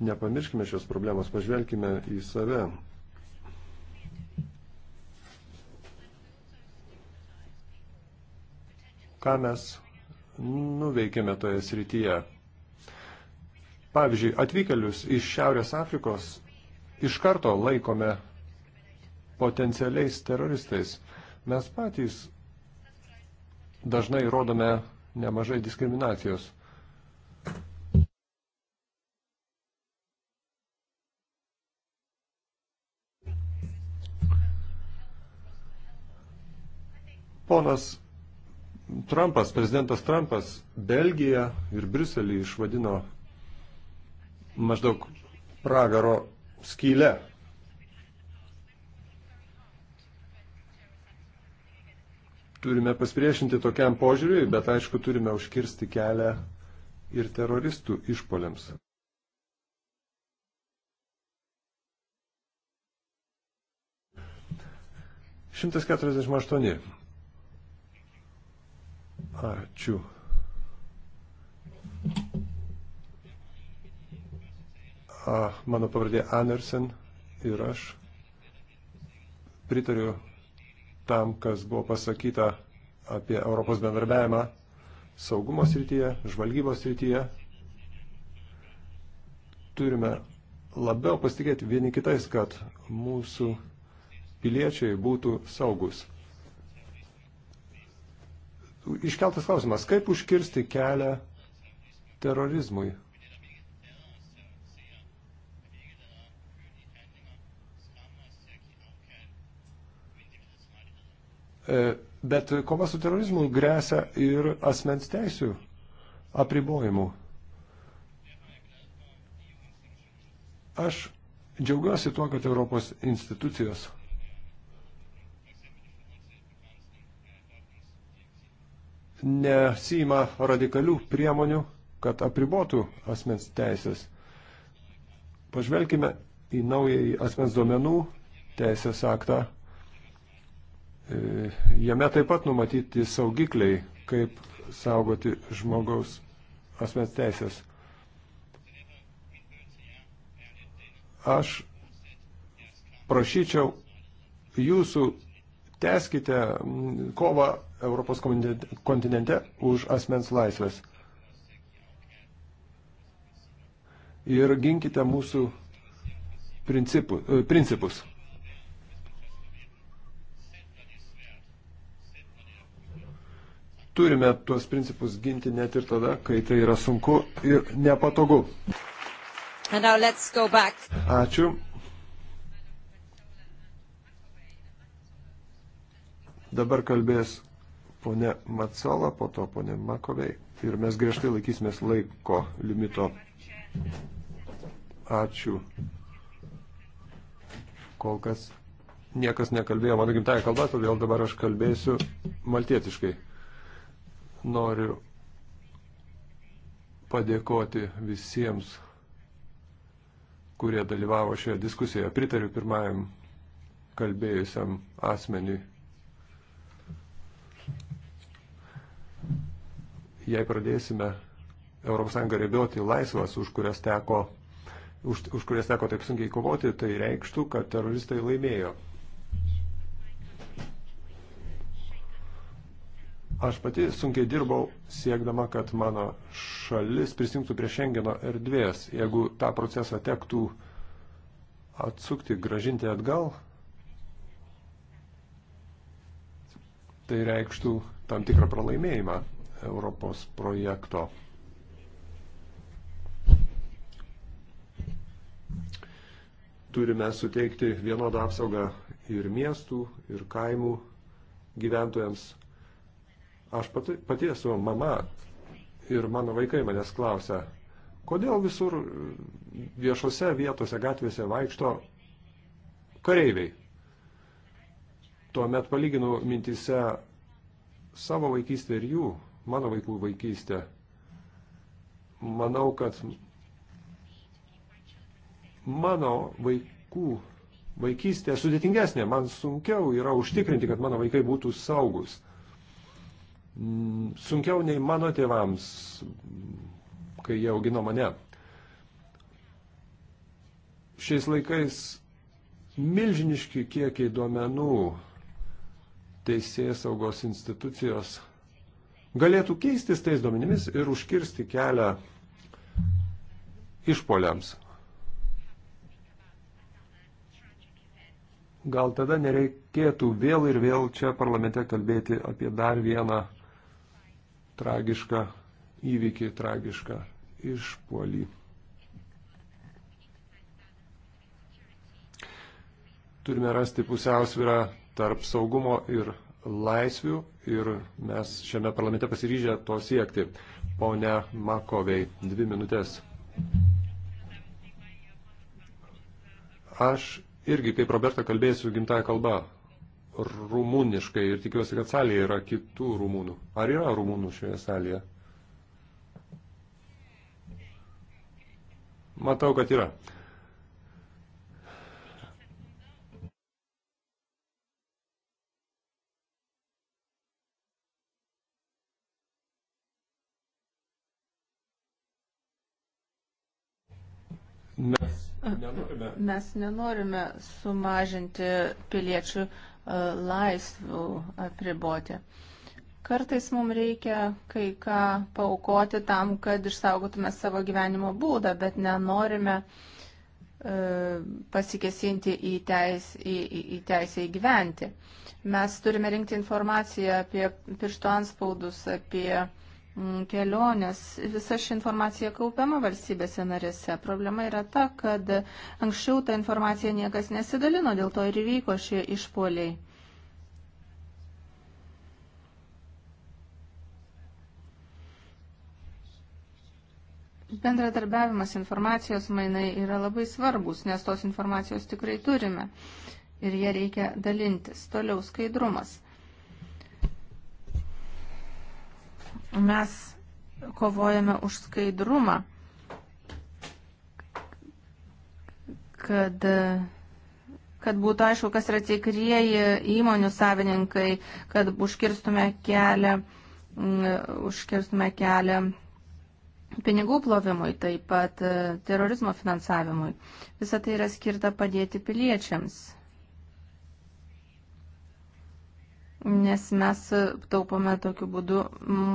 [SPEAKER 3] Nepamirškime šios problemos, pažvelkime į save. Ką mes nuveikėme toje srityje? Pavyzdžiui, atvykėlius iš Šiaurės Afrikos iš karto laikome potencialiais teroristais. Mes patys dažnai rodome nemažai diskriminacijos. Ponas Trumpas, prezidentas Trumpas Belgiją ir Briuselį išvadino maždaug pragaro skylę. Turime pasipriešinti tokiam požiūriui, bet aišku turime užkirsti kelią ir teroristų išpoliams. Šimtas keturiasdešimt aštuoni. Ačiū. A, mano pavardė Andersen ir aš pritariu tam, kas buvo pasakyta apie Europos bendarbiavimą saugumo srityje, žvalgybos srityje. Turime labiau pasitikėti vieni kitais, kad mūsų piliečiai būtų saugus iškeltas klausimas, kaip užkirsti kelią terorizmui. E, bet kova su terorizmu grėsia ir asmens teisių apribojimų. Aš džiaugiuosi tuo, kad Europos institucijos nesima radikalių priemonių, kad apribotų asmens teisės. Pažvelkime į naująjį asmens duomenų teisės aktą. E, jame taip pat numatyti saugikliai, kaip saugoti žmogaus asmens teisės. Aš prašyčiau jūsų teskite kovą Europos kontinente už asmens laisvės. Ir ginkite mūsų principų, e, principus. Turime tuos principus ginti net ir tada, kai tai yra sunku ir nepatogu.
[SPEAKER 5] Ačiū.
[SPEAKER 3] Dabar kalbės ponė Matsola, po to ponė Makovei. Ir mes griežtai laikysimės laiko limito. Ačiū. Kol kas niekas nekalbėjo mano gimtąją kalbą, todėl dabar aš kalbėsiu maltietiškai. Noriu padėkoti visiems, kurie dalyvavo šioje diskusijoje. Pritariu pirmajam kalbėjusiam asmeniui jei pradėsime ES rebioti laisvas, už kurias teko, už, už kurias teko taip sunkiai kovoti, tai reikštų, kad teroristai laimėjo. Aš pati sunkiai dirbau siekdama, kad mano šalis prisimtų prie Šengeno erdvės. Jeigu tą procesą tektų atsukti, gražinti atgal, tai reikštų tam tikrą pralaimėjimą. Europos projekto. Turime suteikti vienodą apsaugą ir miestų, ir kaimų gyventojams. Aš pati, pati esu mama ir mano vaikai manęs klausia, kodėl visur viešose vietose, gatvėse vaikšto kareiviai. Tuomet palyginu mintise savo vaikystę ir jų mano vaikų vaikystę. Manau, kad mano vaikų vaikystė sudėtingesnė, man sunkiau yra užtikrinti, kad mano vaikai būtų saugus. Mm, sunkiau nei mano tėvams, kai jie augino mane. Šiais laikais milžiniški kiekiai duomenų teisės saugos institucijos galėtų keistis tais duomenimis ir užkirsti kelią išpoliams. Gal tada nereikėtų vėl ir vėl čia parlamente kalbėti apie dar vieną tragišką įvykį, tragišką išpuolį. Turime rasti pusiausvyrą tarp saugumo ir laisvių ir mes šiame parlamente pasiryžę to siekti. Pone Makovei, dvi minutės. Aš irgi, kaip Roberta, kalbėsiu gimtąją kalbą rumuniškai ir tikiuosi, kad salėje yra kitų rumūnų. Ar yra rumūnų šioje salėje? Matau, kad yra.
[SPEAKER 1] Mes nenorime,
[SPEAKER 2] mes nenorime sumažinti piliečių e, laisvių apriboti. Kartais mums reikia kai ką paukoti tam, kad išsaugotume savo gyvenimo būdą, bet nenorime e, pasikesinti į, teis, į, į, į teisę įgyventi. Mes turime rinkti informaciją apie pirštų anspaudus, apie Mm, kelionės, visa ši informacija kaupiama valstybėse narėse. Problema yra ta, kad anksčiau tą informaciją niekas nesidalino, dėl to ir įvyko šie išpoliai. Bendradarbiavimas informacijos mainai yra labai svarbus, nes tos informacijos tikrai turime ir jie reikia dalintis. Toliau skaidrumas. Mes kovojame už skaidrumą, kad, kad būtų aišku, kas yra tikrieji įmonių savininkai, kad užkirstume kelią, mm, užkirstume kelią pinigų plovimui, taip pat e, terorizmo finansavimui. Visą tai yra skirta padėti piliečiams. nes mes taupome tokiu būdu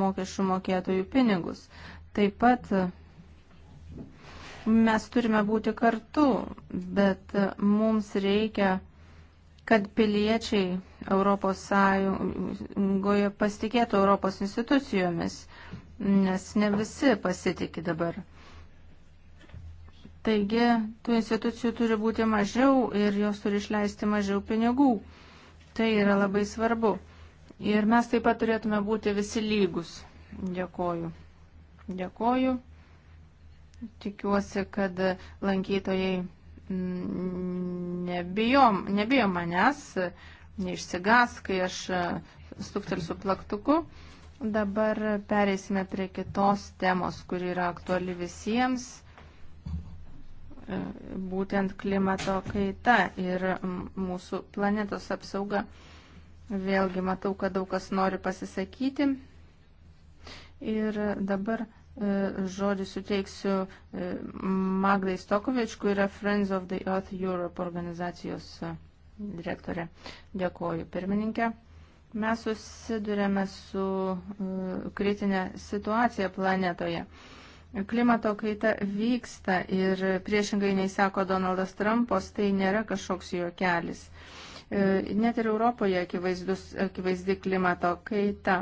[SPEAKER 2] mokesčių mokėtojų pinigus. Taip pat mes turime būti kartu, bet mums reikia, kad piliečiai Europos Sąjungoje pasitikėtų Europos institucijomis, nes ne visi pasitikė dabar. Taigi, tų institucijų turi būti mažiau ir jos turi išleisti mažiau pinigų. Tai yra labai svarbu. Ir mes taip pat turėtume būti visi lygus. Dėkoju. Dėkoju. Tikiuosi, kad lankytojai mm, nebijo, nebijo manęs, neišsigas, kai aš e, stuktelsiu plaktuku. Dabar pereisime prie kitos temos, kuri yra aktuali visiems būtent klimato kaita ir mūsų planetos apsauga. Vėlgi matau, kad daug kas nori pasisakyti. Ir dabar e, žodį suteiksiu e, Magdai Stokovič, kuri yra Friends of the Earth Europe organizacijos e, direktorė. Dėkoju, pirmininkė. Mes susidurėme su kritinė situacija planetoje. Klimato kaita vyksta ir priešingai nei sako Donaldas Trumpas, tai nėra kažkoks juokelis. E, net ir Europoje akivaizdus, akivaizdi klimato kaita.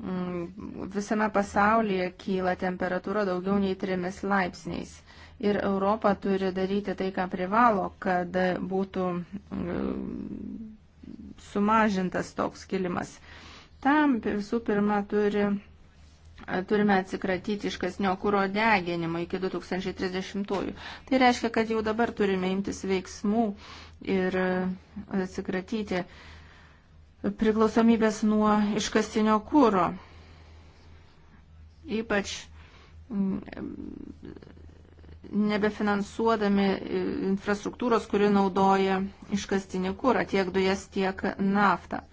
[SPEAKER 2] Mm, visame pasaulyje kyla temperatūra daugiau nei trimis laipsniais. Ir Europa turi daryti tai, ką privalo, kad būtų mm, sumažintas toks kilimas. Tam visų pirma turi turime atsikratyti iškasnio kūro deginimo iki 2030-ųjų. Tai reiškia, kad jau dabar turime imtis veiksmų ir atsikratyti priklausomybės nuo iškastinio kūro. Ypač mm, nebefinansuodami infrastruktūros, kuri naudoja iškastinį kūrą, tiek dujas, tiek naftą.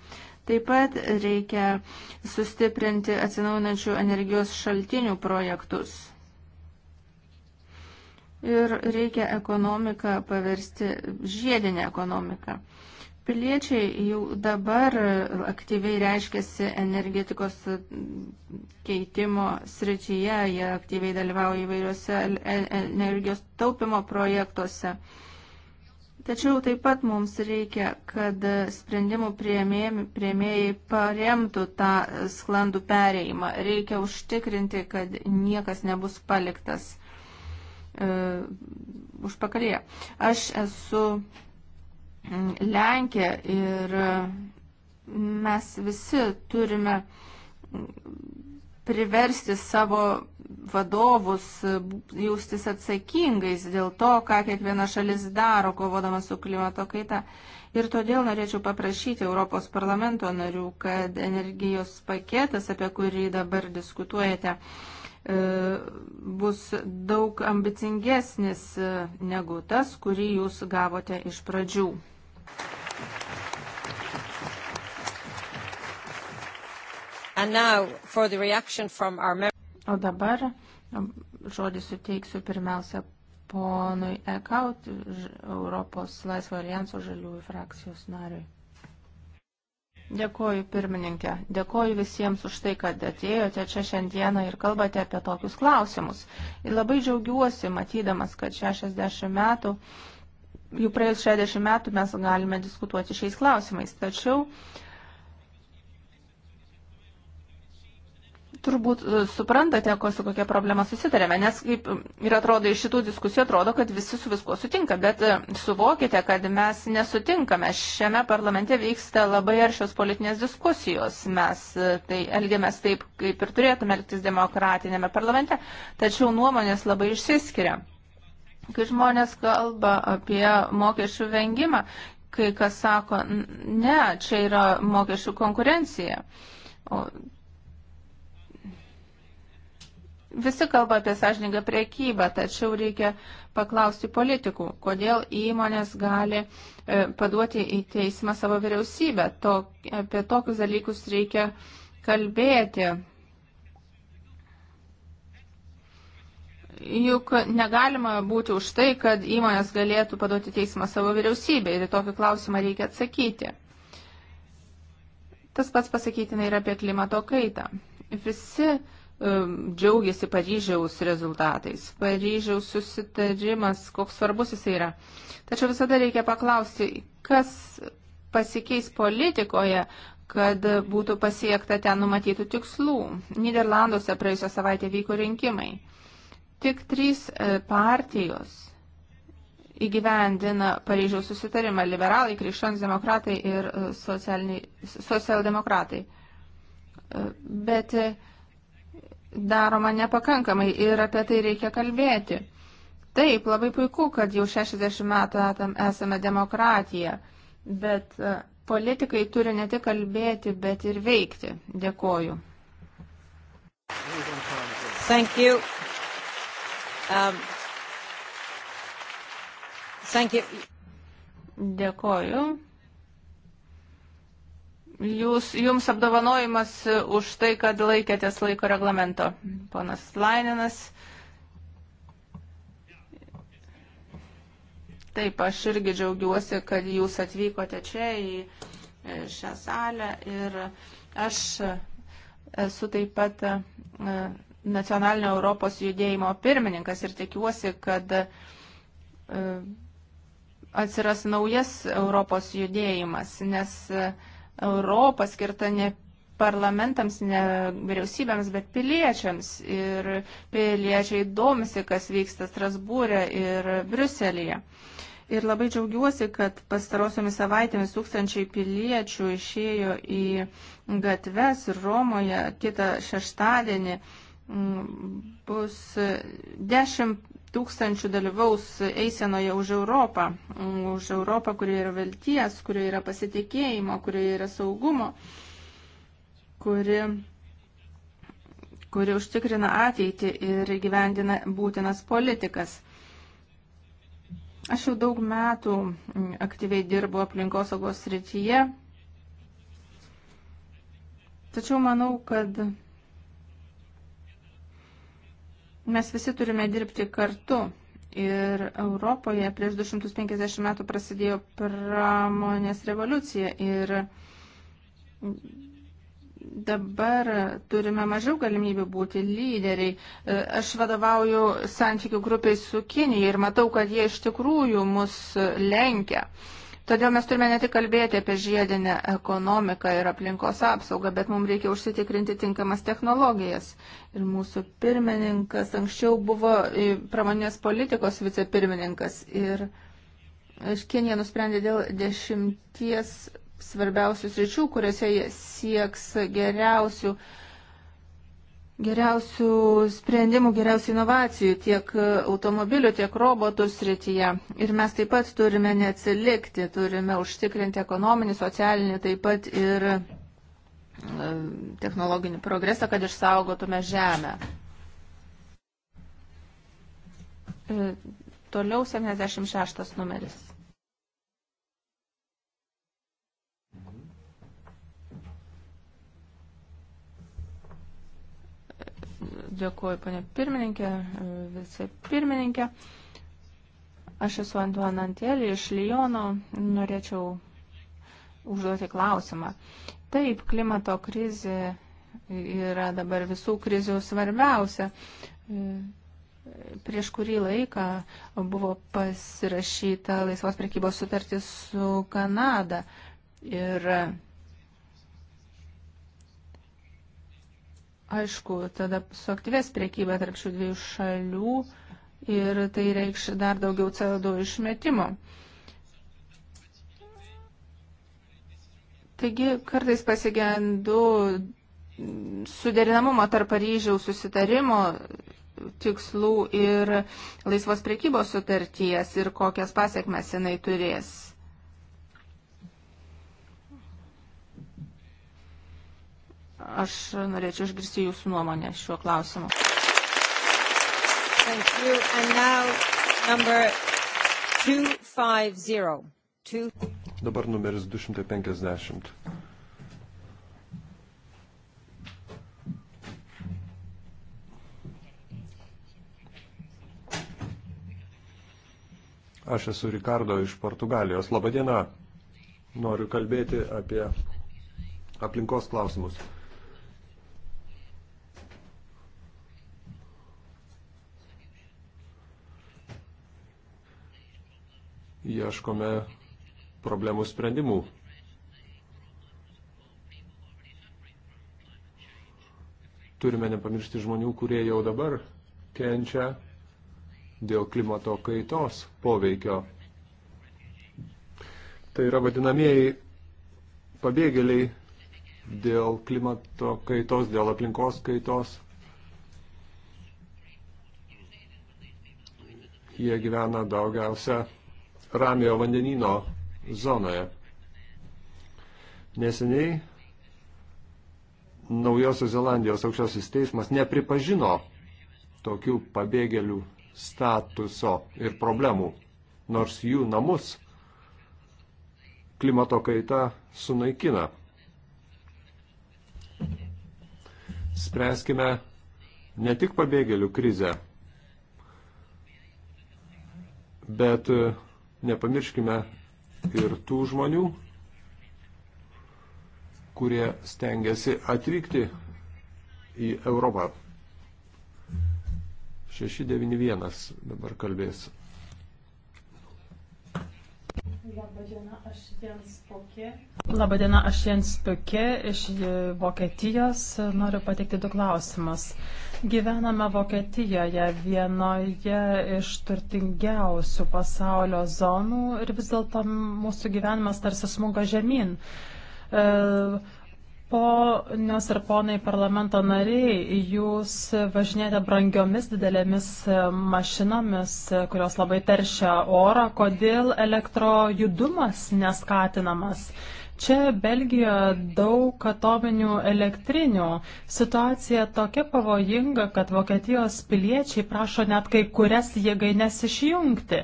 [SPEAKER 2] Taip pat reikia sustiprinti atsinaujinančių energijos šaltinių projektus. Ir reikia ekonomiką paversti žiedinę ekonomiką. Piliečiai jau dabar aktyviai reiškiasi energetikos keitimo srityje, jie aktyviai dalyvauja įvairiuose e- energijos taupimo projektuose. Tačiau taip pat mums reikia, kad sprendimų prieimėjai paremtų tą sklandų perėjimą. Reikia užtikrinti, kad niekas nebus paliktas uh, e, užpakalėje. Aš esu Lenkė ir mes visi turime priversti savo vadovus jaustis atsakingais dėl to, ką kiekviena šalis daro, kovodama su klimato kaita. Ir todėl norėčiau paprašyti Europos parlamento narių, kad energijos paketas, apie kurį dabar diskutuojate, e, bus daug ambicingesnis e, negu tas, kurį jūs gavote iš pradžių. Our... O dabar um, žodį suteiksiu pirmiausia ponui Ekaut, Europos Laisvo alijanso žaliųjų frakcijos nariui. Dėkuoju pirmininkė, dėkuoju visiems už tai, kad atėjote čia šiandieną ir kalbate apie tokius klausimus. Ir labai džiaugiuosi, matydamas, kad 60 metų, jau praėjus 60 metų mes galime diskutuoti šiais klausimais. Tačiau uh, turbūt e, suprantate, ko su kokia problema susitarėme, nes kaip ir atrodo iš šitų diskusijų atrodo, kad visi su viskuo sutinka, bet e, suvokite, kad mes nesutinkame. Šiame parlamente vyksta labai aršios politinės diskusijos. Mes e, tai elgiamės taip, kaip ir turėtume elgtis demokratinėme parlamente, tačiau nuomonės labai išsiskiria. Kai žmonės kalba apie mokesčių vengimą, kai kas sako, ne, čia yra mokesčių konkurencija. O Visi kalba apie sąžininką priekybą, tačiau reikia paklausti politikų, kodėl įmonės gali e, paduoti į teismą savo vyriausybę. To, apie tokius dalykus reikia kalbėti. Juk negalima būti už tai, kad įmonės galėtų paduoti teismą savo vyriausybę ir į tokį klausimą reikia atsakyti. Tas pats pasakytina ir apie klimato kaitą. Visi uh, Um, džiaugiasi Paryžiaus rezultatais. Paryžiaus susitarimas, koks svarbus jis yra. Tačiau visada reikia paklausti, kas pasikeis politikoje, kad būtų pasiekta ten numatytų tikslų. Niderlanduose praėjusią savaitę vyko rinkimai. Tik trys e, partijos įgyvendina Paryžiaus susitarimą - liberalai, krikščionis demokratai ir e, socialdemokratai. E, bet daroma nepakankamai ir apie tai reikia kalbėti. Taip, labai puiku, kad jau 60 metų esame demokratija, bet e, politikai turi ne tik kalbėti, bet ir veikti. Dėkoju. Thank you. Um, thank you. Dėkoju. Jūs, jums apdovanojimas e, už tai, kad laikėtės laiko reglamento. Ponas Laininas. Taip, aš irgi džiaugiuosi, kad jūs atvykote čia į e, šią salę ir aš esu taip pat e, nacionalinio Europos judėjimo pirmininkas ir tikiuosi, kad atsiras naujas Europos judėjimas, nes Europą skirtą ne parlamentams, ne vyriausybėms, bet piliečiams. Ir piliečiai domisi, kas vyksta Strasbūrė ir Briuselėje. Ir labai džiaugiuosi, kad pastarosiomis savaitėmis tūkstančiai piliečių išėjo į gatves ir Romoje kitą šeštadienį mm, bus 10 tūkstančių dalyvaus eisenoje už Europą, už Europą, kurioje yra vilties, kurioje yra pasitikėjimo, kurioje yra saugumo, kuri, kuri užtikrina ateitį ir gyvendina būtinas politikas. Aš jau daug metų aktyviai dirbu aplinkosaugos srityje, tačiau manau, kad Mes visi turime dirbti kartu. Ir Europoje prieš 250 metų prasidėjo pramonės revoliucija. Ir dabar turime mažiau galimybių būti lyderiai. Aš vadovauju santykių grupiai su Kinija ir matau, kad jie iš tikrųjų mus lenkia. Todėl mes turime ne tik kalbėti apie žiedinę ekonomiką ir aplinkos apsaugą, bet mums reikia užsitikrinti tinkamas technologijas. Ir mūsų pirmininkas anksčiau buvo e, pramonės politikos vicepirmininkas. Ir e, Kinija nusprendė dėl dešimties svarbiausių sričių, kuriuose sieks geriausių uh, geriausių sprendimų, geriausių inovacijų tiek automobilių, tiek robotų srityje. Ir mes taip pat turime neatsilikti, turime užtikrinti ekonominį, socialinį, taip pat ir e, technologinį progresą, kad išsaugotume žemę. E, toliau 76 numeris. Dėkuoju, panė pirmininkė, vice pirmininkė. Aš esu Antuan Antėlį iš Lyono. Norėčiau užduoti klausimą. Taip, klimato krizė yra dabar visų krizių svarbiausia. Prieš kurį laiką buvo pasirašyta laisvos prekybos sutartis su Kanada ir aišku, tada suaktyvės priekyba tarp šių dviejų šalių ir tai reikš dar daugiau CO2 išmetimo. Taigi kartais pasigendu suderinamumo tarp Paryžiaus susitarimo tikslų ir laisvos priekybos sutarties ir kokias pasiekmes jinai turės. Aš norėčiau išgirsti jūsų nuomonę šiuo klausimu.
[SPEAKER 5] Thank you. And now number 250. Two...
[SPEAKER 3] Dabar numeris 250. Aš esu Rikardo iš Portugalijos. Labadiena. Noriu kalbėti apie aplinkos klausimus. ieškome problemų sprendimų. Turime nepamiršti žmonių, kurie jau dabar kenčia dėl klimato kaitos poveikio. Tai yra vadinamieji pabėgėliai dėl klimato kaitos, dėl aplinkos kaitos. Jie gyvena daugiausia ramiojo vandenino zonoje. Neseniai Naujosios Zelandijos aukščiausias teismas nepripažino tokių pabėgėlių statuso ir problemų, nors jų namus klimato kaita sunaikina. Spręskime ne tik pabėgėlių krizę, bet Nepamirškime ir tų žmonių, kurie stengiasi atvykti į Europą. 691 dabar kalbės.
[SPEAKER 4] Labadiena, aš Jens Pukė. Labadiena, aš Jens Pukė iš Vokietijos. Noriu pateikti du klausimus. Gyvename Vokietijoje, vienoje iš turtingiausių pasaulio zonų ir vis dėlto mūsų gyvenimas tarsi smunga žemyn. Uh, e, Ponios ir ponai parlamento nariai, jūs važinėjate brangiomis didelėmis mašinomis, kurios labai teršia orą. Kodėl elektro judumas neskatinamas? Čia Belgijoje daug atominių elektrinių. Situacija tokia pavojinga, kad Vokietijos piliečiai prašo net kai kurias jėgaines išjungti.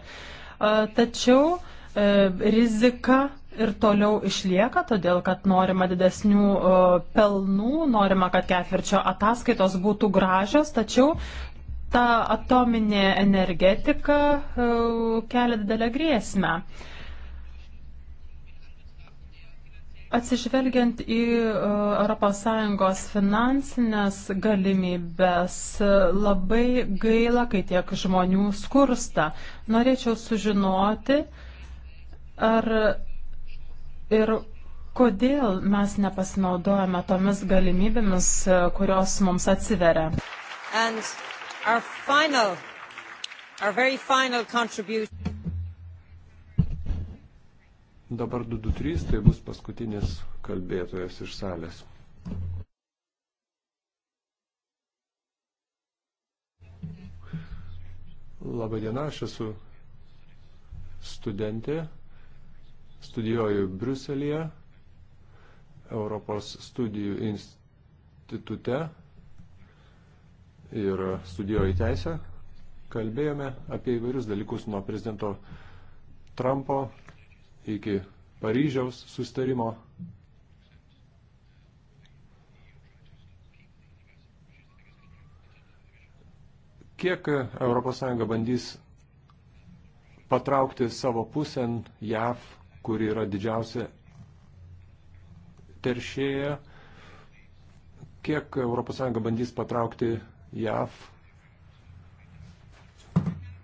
[SPEAKER 4] Tačiau e, rizika ir toliau išlieka, todėl kad norima didesnių pelnų, norima, kad ketvirčio ataskaitos būtų gražios, tačiau ta atominė energetika kelia didelę grėsmę. Atsižvelgiant į ES finansinės galimybės, labai gaila, kai tiek žmonių skursta. Norėčiau sužinoti, ar Ir kodėl mes nepasinaudojame tomis galimybėmis, e, kurios mums atsiveria?
[SPEAKER 5] Our final, our final
[SPEAKER 3] Dabar 223, tai bus paskutinis kalbėtojas iš salės. Labą dieną, aš esu studentė Studijuoju Bruselėje, Europos studijų institute ir studijuoju teisę. Kalbėjome apie įvairius dalykus nuo prezidento Trumpo iki Paryžiaus sustarimo. Kiek ES bandys patraukti savo pusėn JAV kuri yra didžiausia teršėja. Kiek ES bandys patraukti JAV,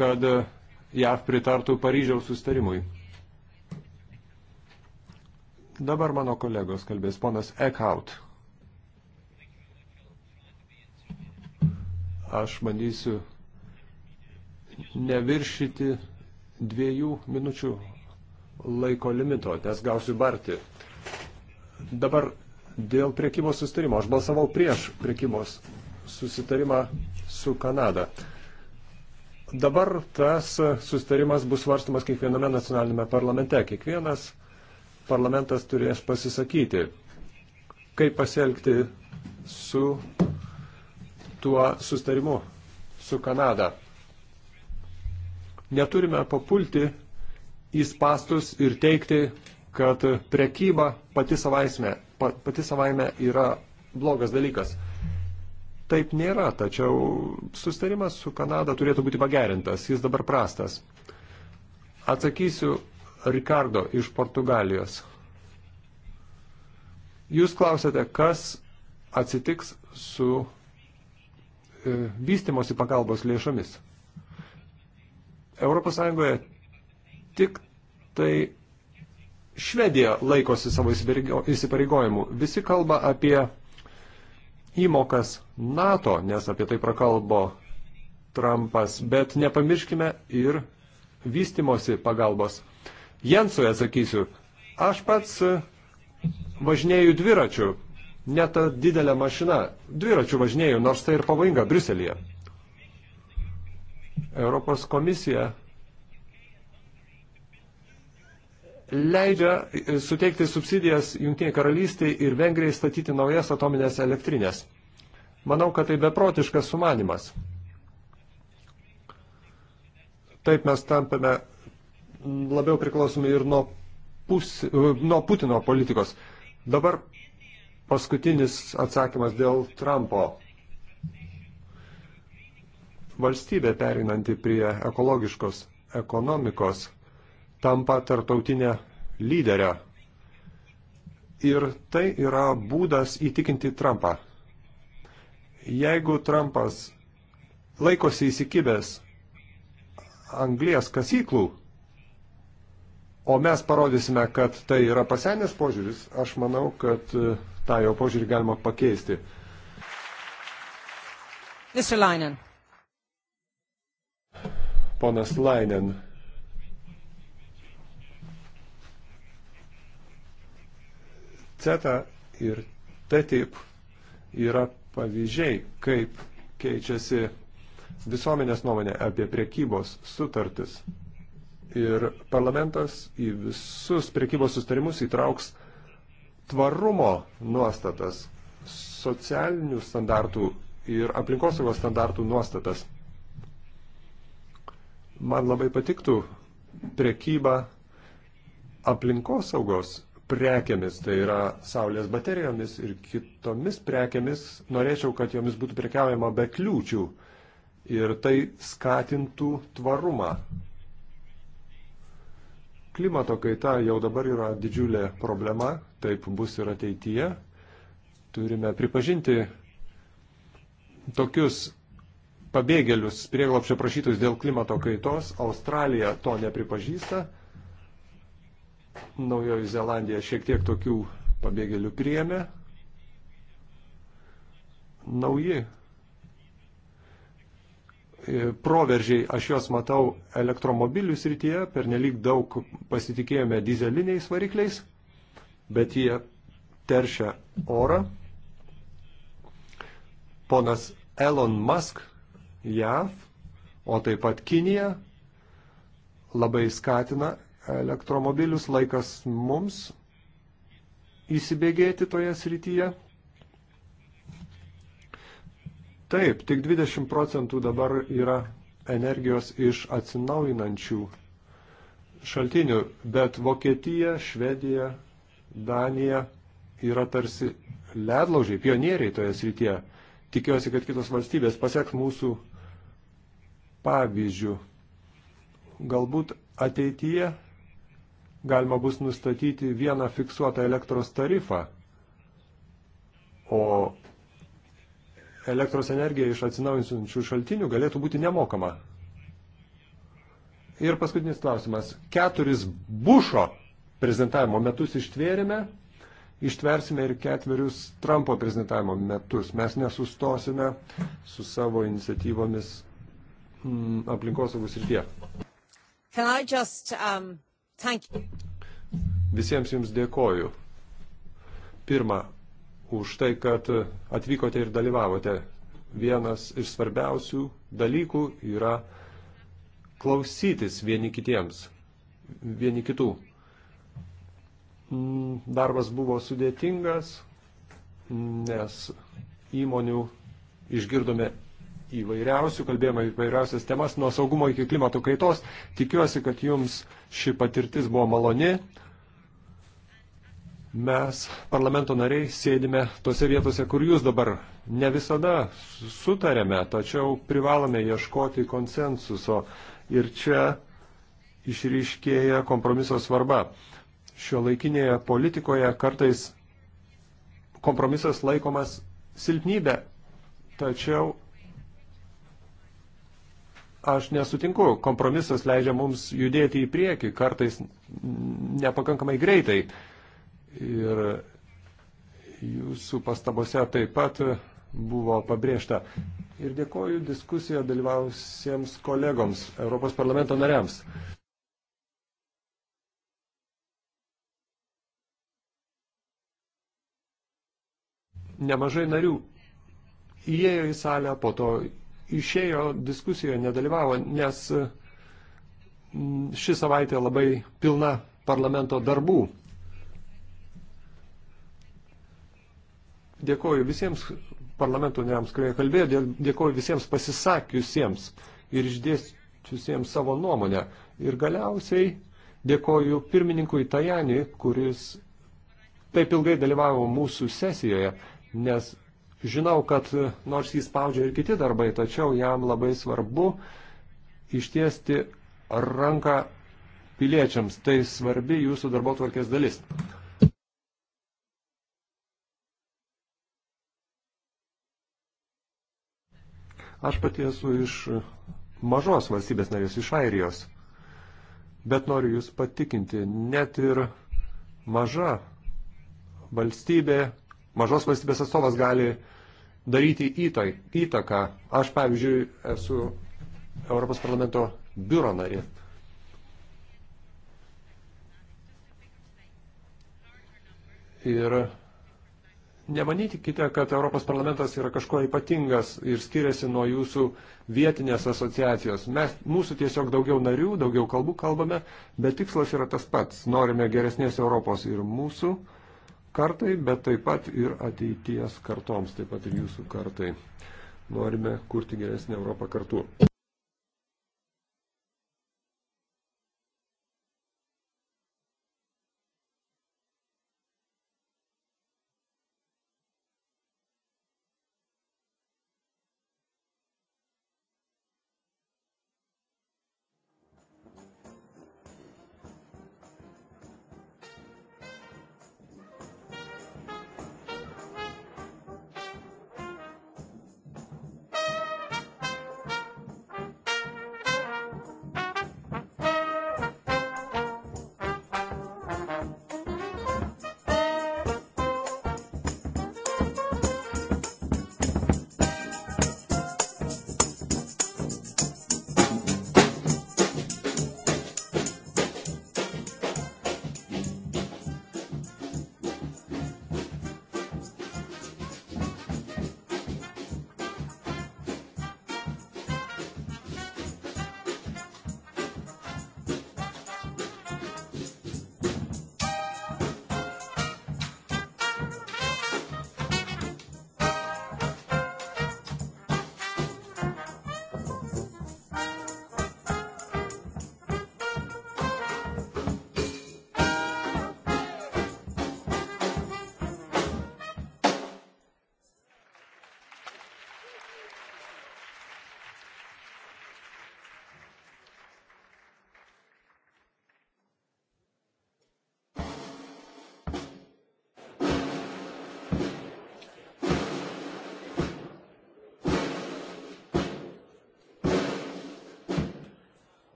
[SPEAKER 3] kad JAV pritartų Paryžiaus sustarimui. Dabar mano kolegos kalbės ponas Eckhout. Aš bandysiu neviršyti dviejų minučių laiko limito, nes gausiu barti. Dabar dėl priekybos sustarimo. Aš balsavau prieš priekybos susitarimą su Kanada. Dabar tas sustarimas bus svarstamas kiekviename nacionalinėme parlamente. Kiekvienas parlamentas turės pasisakyti, kaip pasielgti su tuo sustarimu su Kanada. Neturime papulti įspastus ir teikti, kad prekyba pati, savaisme, pati savaime yra blogas dalykas. Taip nėra, tačiau sustarimas su Kanada turėtų būti pagerintas, jis dabar prastas. Atsakysiu Ricardo iš Portugalijos. Jūs klausėte, kas atsitiks su e, vystimosi pagalbos lėšomis. ES tik tai Švedija laikosi savo įsipareigojimų. Visi kalba apie įmokas NATO, nes apie tai prakalbo Trumpas, bet nepamirškime ir vystimosi pagalbos. Jensui atsakysiu, aš pats e, važinėju dviračiu, ne ta didelė mašina, dviračiu važinėju, nors tai ir pavojinga Briuselėje. Europos komisija leidžia e, suteikti subsidijas Junktiniai karalystiai ir Vengrijai statyti naujas atominės elektrinės. Manau, kad tai beprotiškas sumanimas. Taip mes tampame labiau priklausomi ir nuo, pus, e, nuo Putino politikos. Dabar paskutinis atsakymas dėl Trumpo. Valstybė perinanti prie ekologiškos ekonomikos tampa tartautinė lyderė. Ir tai yra būdas įtikinti Trumpą. Jeigu Trumpas laikosi įsikibęs anglės kasyklų, o mes parodysime, kad tai yra pasenęs požiūris, aš manau, kad e, tą jo požiūrį galima pakeisti.
[SPEAKER 5] Mr. Lainen.
[SPEAKER 3] Ponas Lainen. CETA ir TTIP yra pavyzdžiai, kaip keičiasi visuomenės nuomonė apie priekybos sutartis. Ir parlamentas į visus priekybos sustarimus įtrauks tvarumo nuostatas, socialinių standartų ir aplinkosaugos standartų nuostatas. Man labai patiktų priekyba aplinkosaugos prekiamis, tai yra saulės baterijomis ir kitomis prekiamis, norėčiau, kad jomis būtų prekiaujama be kliūčių ir tai skatintų tvarumą. Klimato kaita jau dabar yra didžiulė problema, taip bus ir ateityje. Turime pripažinti tokius pabėgėlius prieglopščio prašytus dėl klimato kaitos. Australija to nepripažįsta Naujoji Zelandija šiek tiek tokių pabėgėlių priėmė. Nauji e, proveržiai, aš juos matau elektromobilių srityje, per nelik daug pasitikėjome dizeliniais varikliais, bet jie teršia orą. Ponas Elon Musk, JAV, o taip pat Kinija labai skatina elektromobilius, laikas mums įsibėgėti toje srityje. Taip, tik 20 procentų dabar yra energijos iš atsinaujinančių šaltinių, bet Vokietija, Švedija, Danija yra tarsi ledlaužiai, pionieriai toje srityje. Tikiuosi, kad kitos valstybės pasieks mūsų pavyzdžių. Galbūt ateityje galima bus nustatyti vieną fiksuotą elektros tarifą, o elektros energija iš atsinaujinčių šaltinių galėtų būti nemokama. Ir paskutinis klausimas. Keturis bušo prezidentavimo metus ištvėrėme, ištversime ir ketverius Trumpo prezidentavimo metus. Mes nesustosime su savo iniciatyvomis mm, aplinkosaugos ir tie.
[SPEAKER 5] Can I just um,
[SPEAKER 3] Visiems jums dėkoju. Pirma, už tai, kad atvykote ir dalyvavote. Vienas iš svarbiausių dalykų yra klausytis vieni kitiems, vieni kitų. Mm, darbas buvo sudėtingas, nes įmonių išgirdome įvairiausių, kalbėjome įvairiausias temas, nuo saugumo iki klimato kaitos. Tikiuosi, kad jums ši patirtis buvo maloni. Mes, parlamento nariai, sėdime tose vietose, kur jūs dabar ne visada sutarėme, tačiau privalome ieškoti konsensuso. Ir čia išryškėja kompromiso svarba. Šio laikinėje politikoje kartais kompromisas laikomas silpnybė, tačiau Aš nesutinku, kompromisas leidžia mums judėti į priekį, kartais nepakankamai greitai. Ir jūsų pastabose taip pat buvo pabrėžta. Ir dėkoju diskusijoje dalyvausiems kolegoms, Europos parlamento nariams. Nemažai narių įėjo į salę, po to išėjo diskusijoje, nedalyvavo, nes ši savaitė labai pilna parlamento darbų. Dėkoju visiems parlamento nariams, kurie kalbėjo, dėkoju visiems pasisakiusiems ir išdėsčiusiems savo nuomonę. Ir galiausiai dėkoju pirmininkui Tajani, kuris taip ilgai dalyvavo mūsų sesijoje, nes Žinau, kad e, nors jį spaudžia ir kiti darbai, tačiau jam labai svarbu ištiesti ranką piliečiams. Tai svarbi jūsų darbo tvarkės dalis. Aš pati esu iš mažos valstybės narės, iš Airijos. Bet noriu Jūs patikinti, net ir maža valstybė mažos valstybės atstovas gali daryti įtaką. Aš, pavyzdžiui, esu Europos parlamento biuro narė. Ir nemanykite, kad Europos parlamentas yra kažkuo ypatingas ir skiriasi nuo jūsų vietinės asociacijos. Mes, mūsų tiesiog daugiau narių, daugiau kalbų kalbame, bet tikslas yra tas pats. Norime geresnės Europos ir mūsų kartai, bet taip pat ir ateities kartoms, taip pat ir jūsų kartai. Norime kurti geresnį Europą kartu.